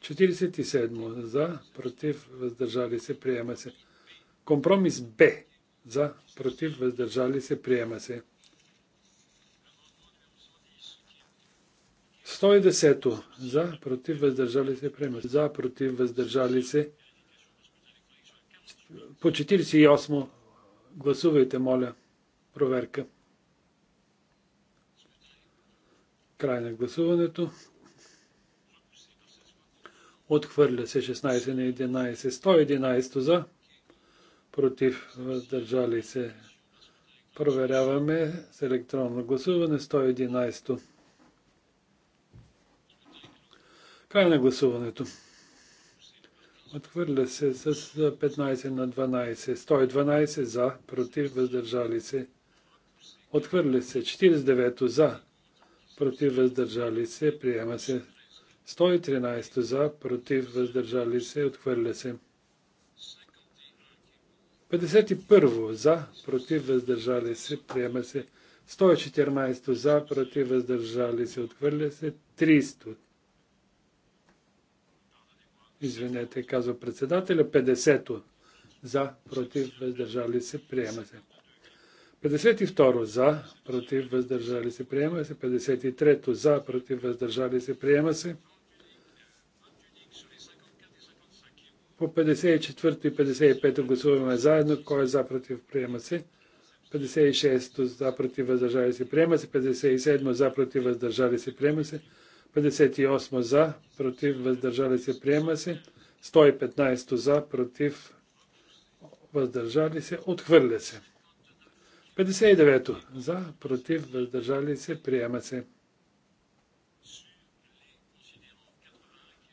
47 за, против, въздържали се, приема се. Компромис Б за, против, въздържали се, приема се. 110 за, против, въздържали се, приема се. За, против, въздържали се. По 48 гласувайте, моля, проверка. Край на гласуването. Отхвърля се 16 на 11. 111 за. Против. Въздържали се. Проверяваме с електронно гласуване 111. Край на гласуването. Отхвърля се с 15 на 12. 112 за, против, въздържали се. Отхвърля се 49 за, против въздържали се, приема се. 113 за, против въздържали се, отхвърля се. 51 за, против въздържали се, приема се. 114 за, против въздържали се, отхвърля се. 300. Извинете, казва председателя. 50 за, против въздържали се, приема се. 52 за, против, въздържали се, приема се. 53 за, против, въздържали се, приема се. По 54 и 55 гласуваме заедно. Кой е за, против, приема се. 56 за, против, въздържали се, приема се. 57 за, против, въздържали се, приема се. 58 за, против, въздържали се, приема се. 115 за, против, въздържали се, отхвърля се. 59-то. За, против, въздържали се, приема се.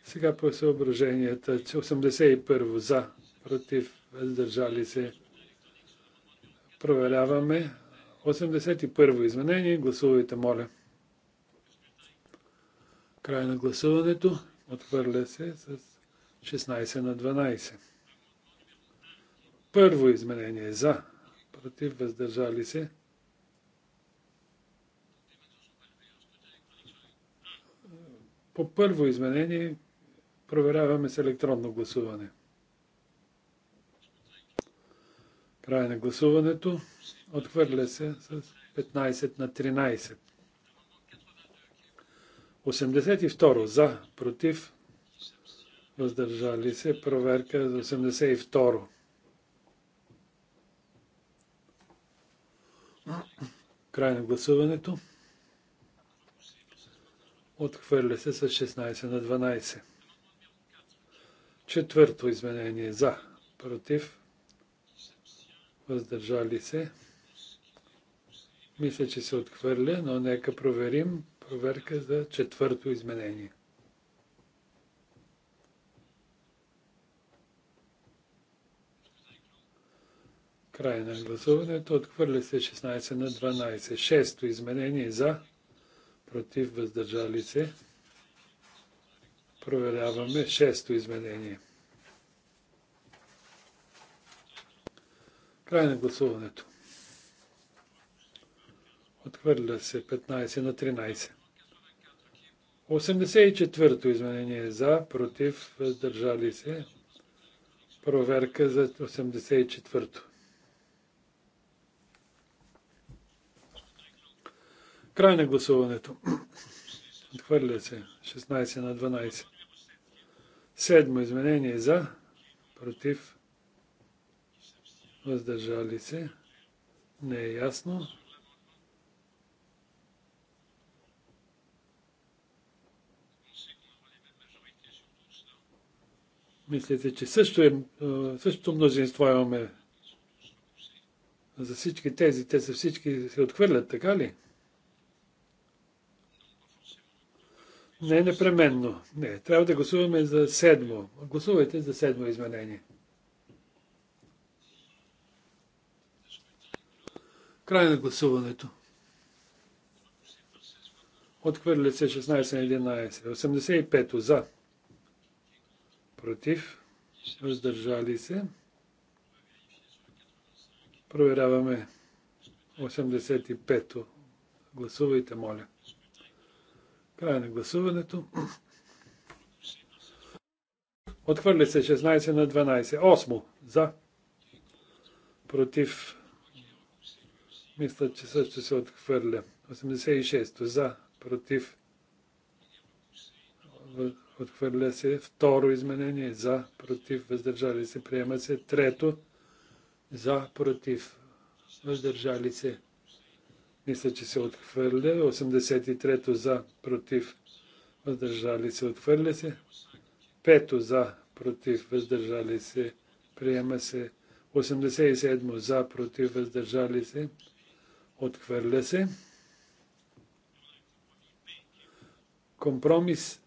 Сега по съображенията. 81-во. За, против, въздържали се. Проверяваме. 81-во изменение. Гласувайте, моля. Край на гласуването. Отхвърля се с 16 на 12. Първо изменение за против, въздържали се. По първо изменение проверяваме с електронно гласуване. Край на гласуването. Отхвърля се с 15 на 13. 82 за, против, въздържали се. Проверка за 82. Край на гласуването. Отхвърля се с 16 на 12. Четвърто изменение за, против, въздържали се. Мисля, че се отхвърля, но нека проверим проверка за четвърто изменение. Край на гласуването. Отхвърля се 16 на 12. Шесто изменение за. Против въздържали се. Проверяваме шесто изменение. Край на гласуването. Отхвърля се 15 на 13. 84 изменение за, против, въздържали се. Проверка за 84-то. Край на гласуването. Отхвърля се. 16 на 12. Седмо изменение за, против, въздържали се. Не е ясно. Мислите, че също, е, същото мнозинство имаме за всички тези. Те са всички се отхвърлят, така ли? Не, непременно. Не, трябва да гласуваме за седмо. Гласувайте за седмо изменение. Край на гласуването. Отхвърля се 16 11. 85 за. Против. Въздържали се. Проверяваме 85-то. Гласувайте, моля. Край на гласуването. Отхвърли се 16 на 12. Осмо. за. Против. Мисля, че също се отхвърля. 86 за. Против. Отхвърля се второ изменение. За. Против. Въздържали се. Приема се. Трето. За. Против. Въздържали се. Мисля, че се отхвърля. 83-то за, против, въздържали се, отхвърля се. Пето за, против, въздържали се, приема се. 87 за, против, въздържали се, отхвърля се. Компромис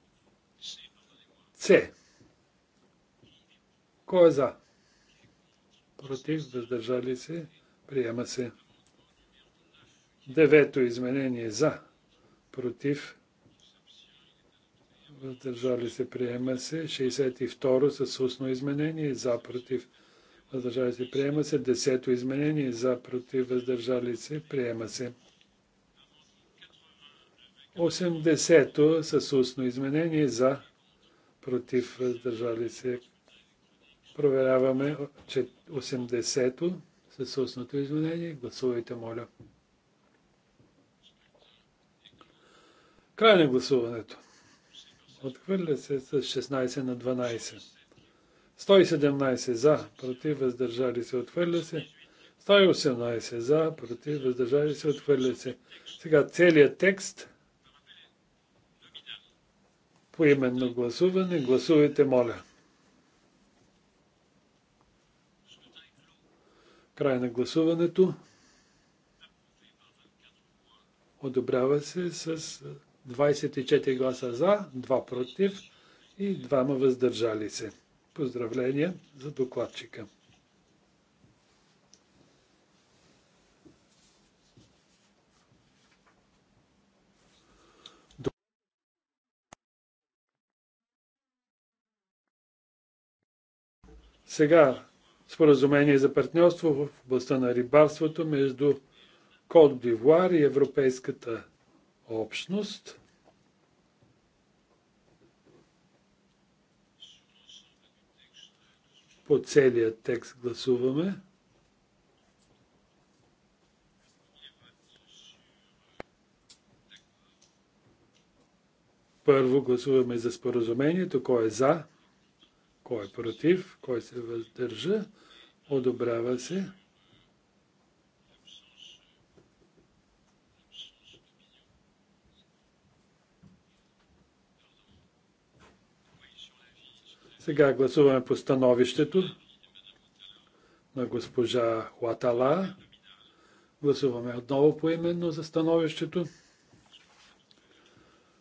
С. Кой е за? Против, въздържали се, приема се. Девето изменение за, против, въздържали се, приема се. 62 с устно изменение за, против, въздържали се, приема се. Десето изменение за, против, въздържали се, приема се. 80-то с устно изменение за, против, въздържали се. Проверяваме 80-то с устното изменение. Гласувайте, моля. Край на гласуването. Отхвърля се с 16 на 12. 117 за, против, въздържали се, отхвърля се. 118 за, против, въздържали се, отхвърля се. Сега целият текст по именно гласуване. Гласувайте, моля. Край на гласуването. Одобрява се с 24 гласа за, 2 против и 2 въздържали се. Поздравления за докладчика. Сега споразумение за партньорство в областта на рибарството между Кот Дивуар и Европейската общност. По целия текст гласуваме. Първо гласуваме за споразумението, кой е за, кой е против, кой се въздържа, одобрява се. Сега гласуваме по становището на госпожа Уатала. Гласуваме отново по именно за становището.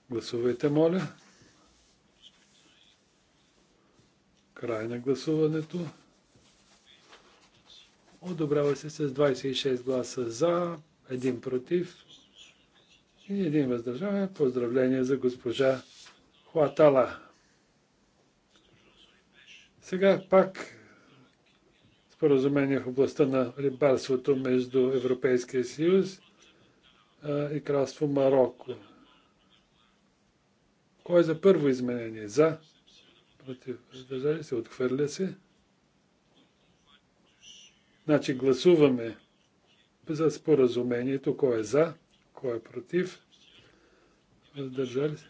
Гласувайте, моля. Край на гласуването. Одобрява се с 26 гласа за, един против и един въздържавен. Поздравление за госпожа Хуатала. Сега пак споразумение в областта на рибарството между Европейския съюз и кралство Марокко. Кой е за първо изменение? За? Против? Въздържали се? Отхвърля се? Значи гласуваме за споразумението. Кой е за? Кой е против? Въздържали се?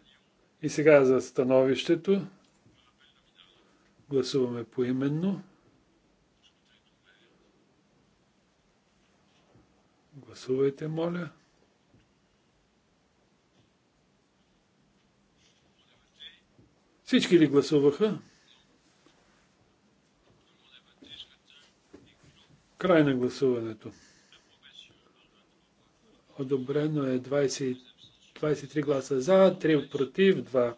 И сега за становището. Гласуваме поименно. Гласувайте, моля. Всички ли гласуваха? Край на гласуването. Одобрено е 20, 23 гласа за, 3 против, 2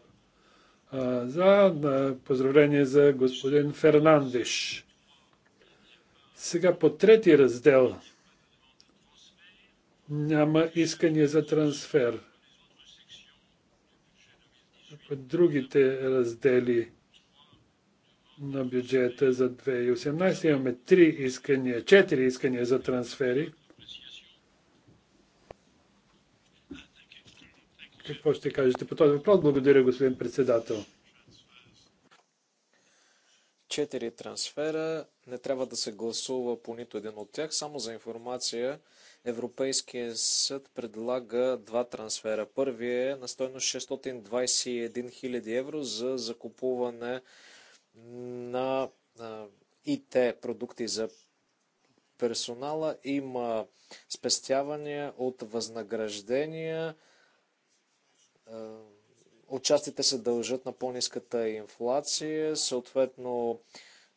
за поздравление за господин Фернандиш. Сега по трети раздел няма искания за трансфер. По другите раздели на бюджета за 2018 имаме три искания, четири искания за трансфери – какво ще кажете по този въпрос? Благодаря, господин председател. Четири трансфера. Не трябва да се гласува по нито един от тях. Само за информация, Европейския съд предлага два трансфера. Първият е на стойност 621 000 евро за закупуване на ИТ продукти за персонала. Има спестявания от възнаграждения е, отчастите се дължат на по-низката инфлация, съответно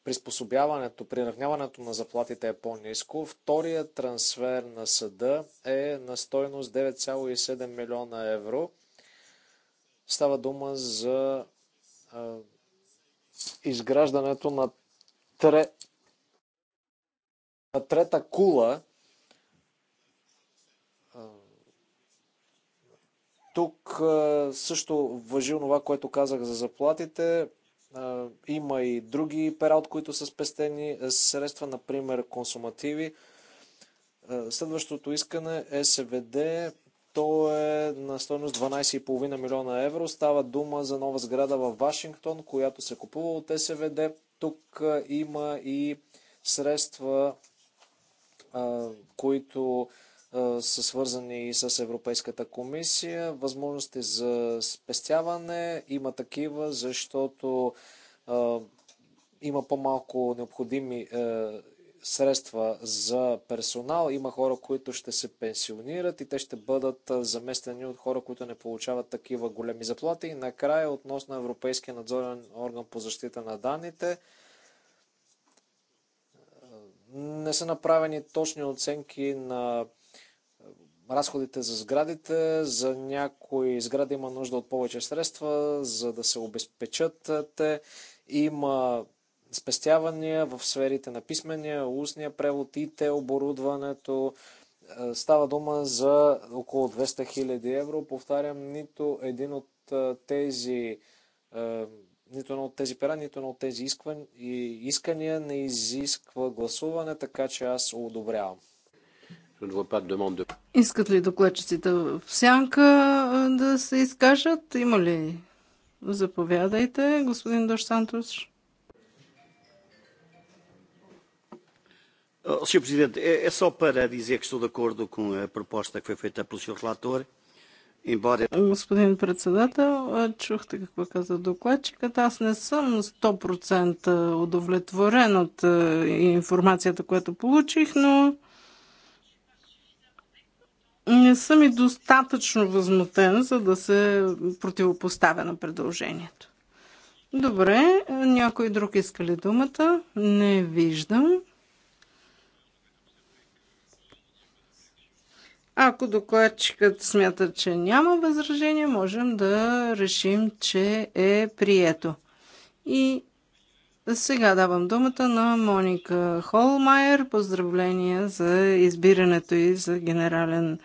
приспособяването, приравняването на заплатите е по-низко. Втория трансфер на съда е на стойност 9,7 милиона евро. Става дума за а, изграждането на, тре... на трета кула Тук също въжи това, което казах за заплатите. Има и други пера, от които са спестени е, средства, например консумативи. Следващото искане е СВД. То е на стоеност 12,5 милиона евро. Става дума за нова сграда в Вашингтон, която се купува от СВД. Тук има и средства, които са свързани и с Европейската комисия. Възможности за спестяване има такива, защото а, има по-малко необходими а, е, средства за персонал. Има хора, които ще се пенсионират и те ще бъдат заместени от хора, които не получават такива големи заплати. И накрая, относно Европейския надзорен орган по защита на данните, не са направени точни оценки на разходите за сградите. За някои сгради има нужда от повече средства, за да се обезпечат те. Има спестявания в сферите на писмения, устния превод, ИТ, оборудването. Става дума за около 200 000 евро. Повтарям, нито един от тези нито едно от тези пера, нито едно от тези искания не изисква гласуване, така че аз одобрявам. Je ne vois pas de demande de... Искат ли докладчиците в сянка да се изкажат? Има ли? Заповядайте, господин Дощантович. Sr. Presidente, é, é só para dizer que estou de acordo com a proposta que foi feita pelo Sr. Relator, embora... Господин председател, чухте какво каза докладчикът. Аз не съм 100% удовлетворен от информацията, която получих, но не съм и достатъчно възмутен, за да се противопоставя на предложението. Добре, някой друг иска ли думата? Не виждам. Ако докладчикът смята, че няма възражение, можем да решим, че е прието. И сега давам думата на Моника Холмайер. Поздравления за избирането и за генерален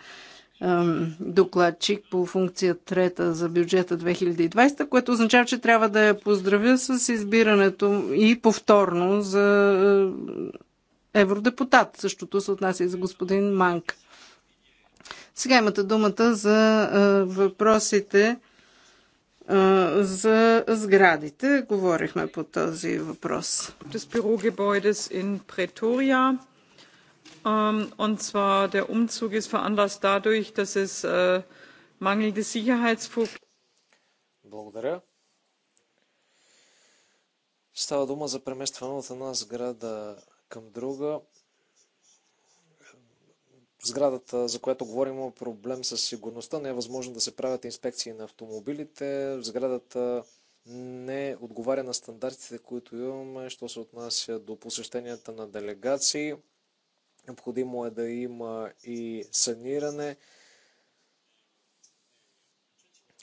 ем, докладчик по функция трета за бюджета 2020, което означава, че трябва да я поздравя с избирането и повторно за е, евродепутат. Същото се отнася и за господин Манк. Сега имате думата за е, въпросите за сградите. Говорихме по този въпрос. Des Bürogebäudes in Pretoria. Und zwar der Umzug ist veranlasst dadurch, dass es mangelnde Sicherheitsvorkehrungen. Благодаря. Става дума за преместване от една сграда към друга сградата, за която говорим, има проблем с сигурността. Не е възможно да се правят инспекции на автомобилите. Сградата не отговаря на стандартите, които имаме, що се отнася до посещенията на делегации. Необходимо е да има и саниране.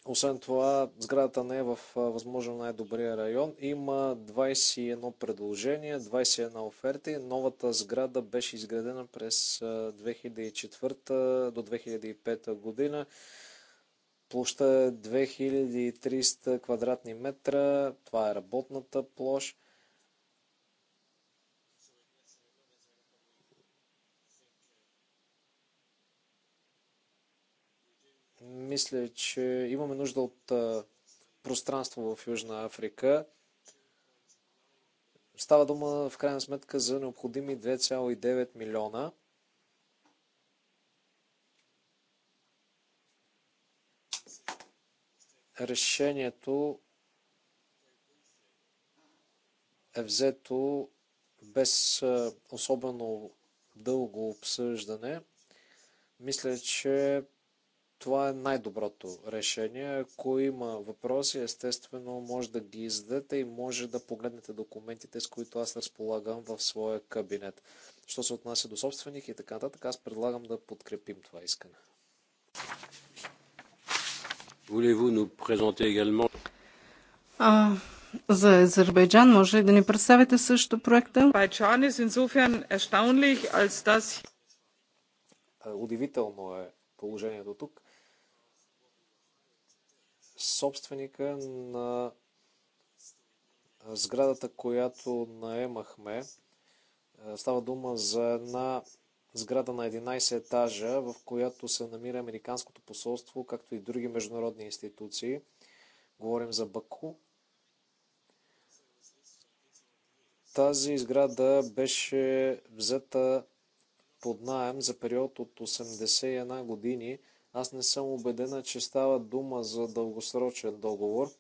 Освен това, сградата не е в възможно най-добрия район. Има 21 предложения, 21 оферти. Новата сграда беше изградена през 2004 до 2005 година. Площа е 2300 квадратни метра. Това е работната площ. мисля, че имаме нужда от пространство в Южна Африка. Става дума в крайна сметка за необходими 2,9 милиона. Решението е взето без особено дълго обсъждане. Мисля, че това е най-доброто решение. Ако има въпроси, естествено, може да ги издадете и може да погледнете документите, с които аз разполагам в своя кабинет. Що се отнася до собственик и така нататък, аз предлагам да подкрепим това искане. А, за Азербайджан може ли да ни представите също проекта? Е, удивително е положението тук собственика на сградата, която наемахме. Е, става дума за една сграда на 11 етажа, в която се намира Американското посолство, както и други международни институции. Говорим за Баку. Тази сграда беше взета под найем за период от 81 години – аз не съм убедена, че става дума за дългосрочен договор.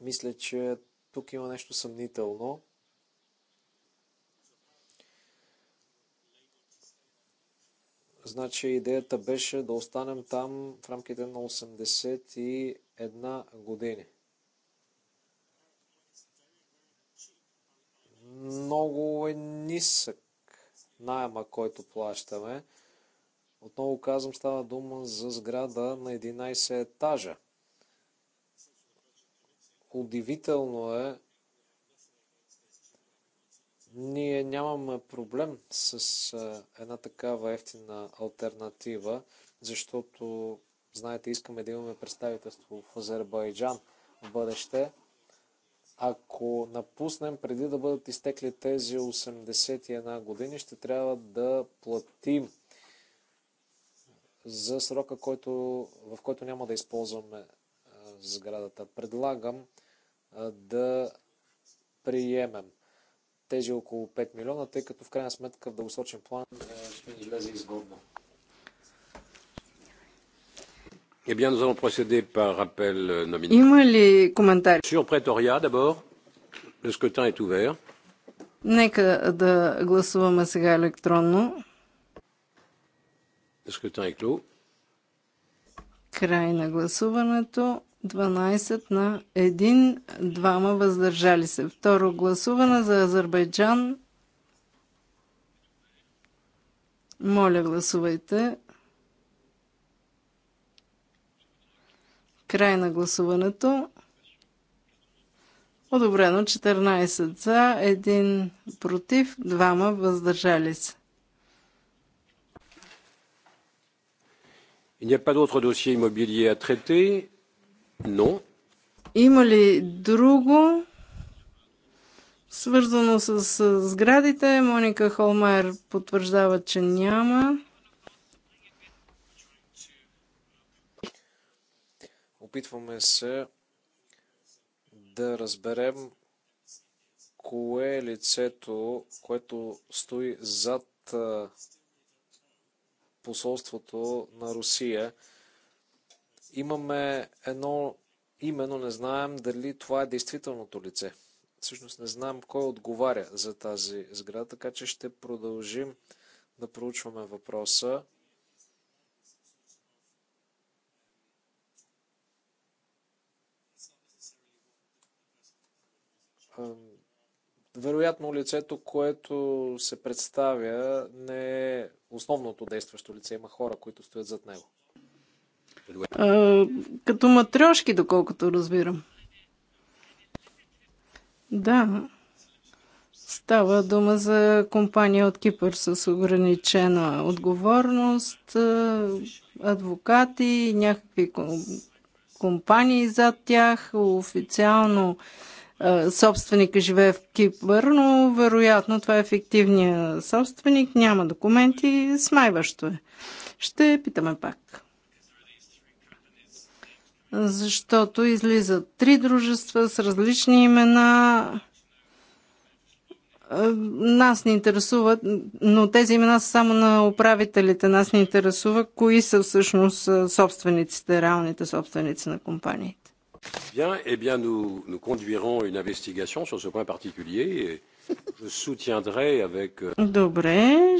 Мисля, че тук има нещо съмнително. Значи идеята беше да останем там в рамките на 81 години. Много е нисък найема, който плащаме. Отново казвам, става дума за сграда на 11 етажа. Удивително е, ние нямаме проблем с е, една такава ефтина альтернатива, защото, знаете, искаме да имаме представителство в Азербайджан в бъдеще. Ако напуснем преди да бъдат изтекли тези 81 години, ще трябва да платим за срока, който, в който няма да използваме сградата. Предлагам да приемем тези около 5 милиона, тъй като в крайна сметка в дългосрочен план ще ни излезе изгодно. Eh bien, nous allons procéder par appel euh, nominal. Има ли коментари? Sur Pretoria, d'abord, le scrutin est ouvert. Нека да гласуваме сега електронно. Le е est е Край на гласуването. 12 на 1, двама въздържали се. Второ гласуване за Азербайджан. Моля, гласувайте. Край на гласуването. Одобрено 14 за, 1 против, двама въздържали се. Il n'y a pas d'autres dossiers immobiliers à traiter Non. Има ли друго свързано с, с сградите? Моника Холмайер потвърждава, че няма. Опитваме се да разберем кое е лицето, което стои зад посолството на Русия. Имаме едно име, но не знаем дали това е действителното лице. Всъщност не знаем кой отговаря за тази сграда, така че ще продължим да проучваме въпроса. Um, вероятно лицето, което се представя, не е основното действащо лице. Има хора, които стоят зад него. А, като матрешки, доколкото разбирам. Да. Става дума за компания от Кипър с ограничена отговорност, адвокати, някакви компании зад тях, официално собственика живее в Кипър, но вероятно това е фиктивният собственик, няма документи, смайващо е. Ще питаме пак. Защото излизат три дружества с различни имена. Нас ни интересуват, но тези имена са само на управителите. Нас ни интересува кои са всъщност собствениците, реалните собственици на компании. Bien, eh bien nous, nous conduirons une investigation sur ce point particulier et je soutiendrai avec... Euh, Добре,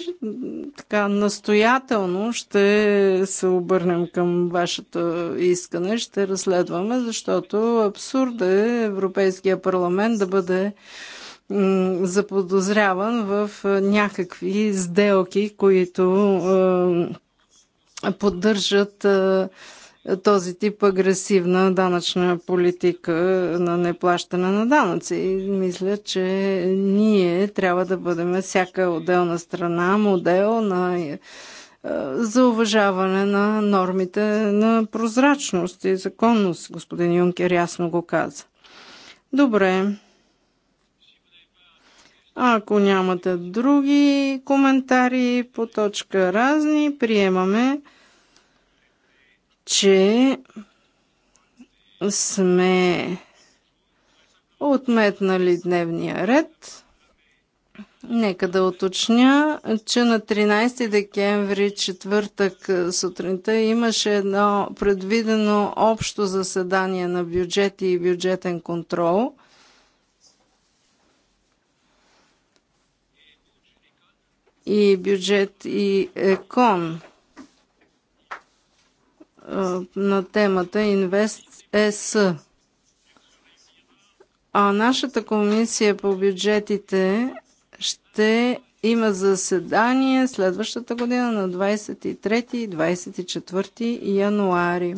така настоятелно ще се обърнем към вашето искане, ще разследваме, защото абсурд е Европейския парламент да бъде заподозряван в някакви сделки, които поддържат този тип агресивна данъчна политика на неплащане на данъци. И мисля, че ние трябва да бъдем всяка отделна страна модел на за уважаване на нормите на прозрачност и законност. Господин Юнкер ясно го каза. Добре. Ако нямате други коментари по точка разни, приемаме че сме отметнали дневния ред. Нека да уточня, че на 13 декември, четвъртък сутринта, имаше едно предвидено общо заседание на бюджет и бюджетен контрол. И бюджет и екон на темата Invest ЕС. А нашата комисия по бюджетите ще има заседание следващата година на 23 и 24 януари.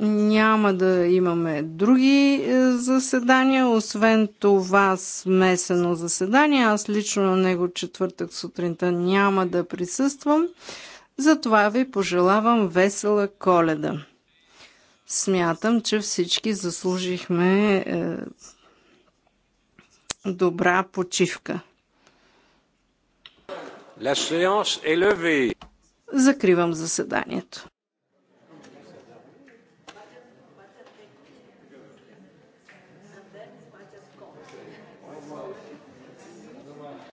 Няма да имаме други е, заседания, освен това смесено заседание. Аз лично на него четвъртък сутринта няма да присъствам. Затова ви пожелавам весела коледа. Смятам, че всички заслужихме е, добра почивка. Закривам заседанието.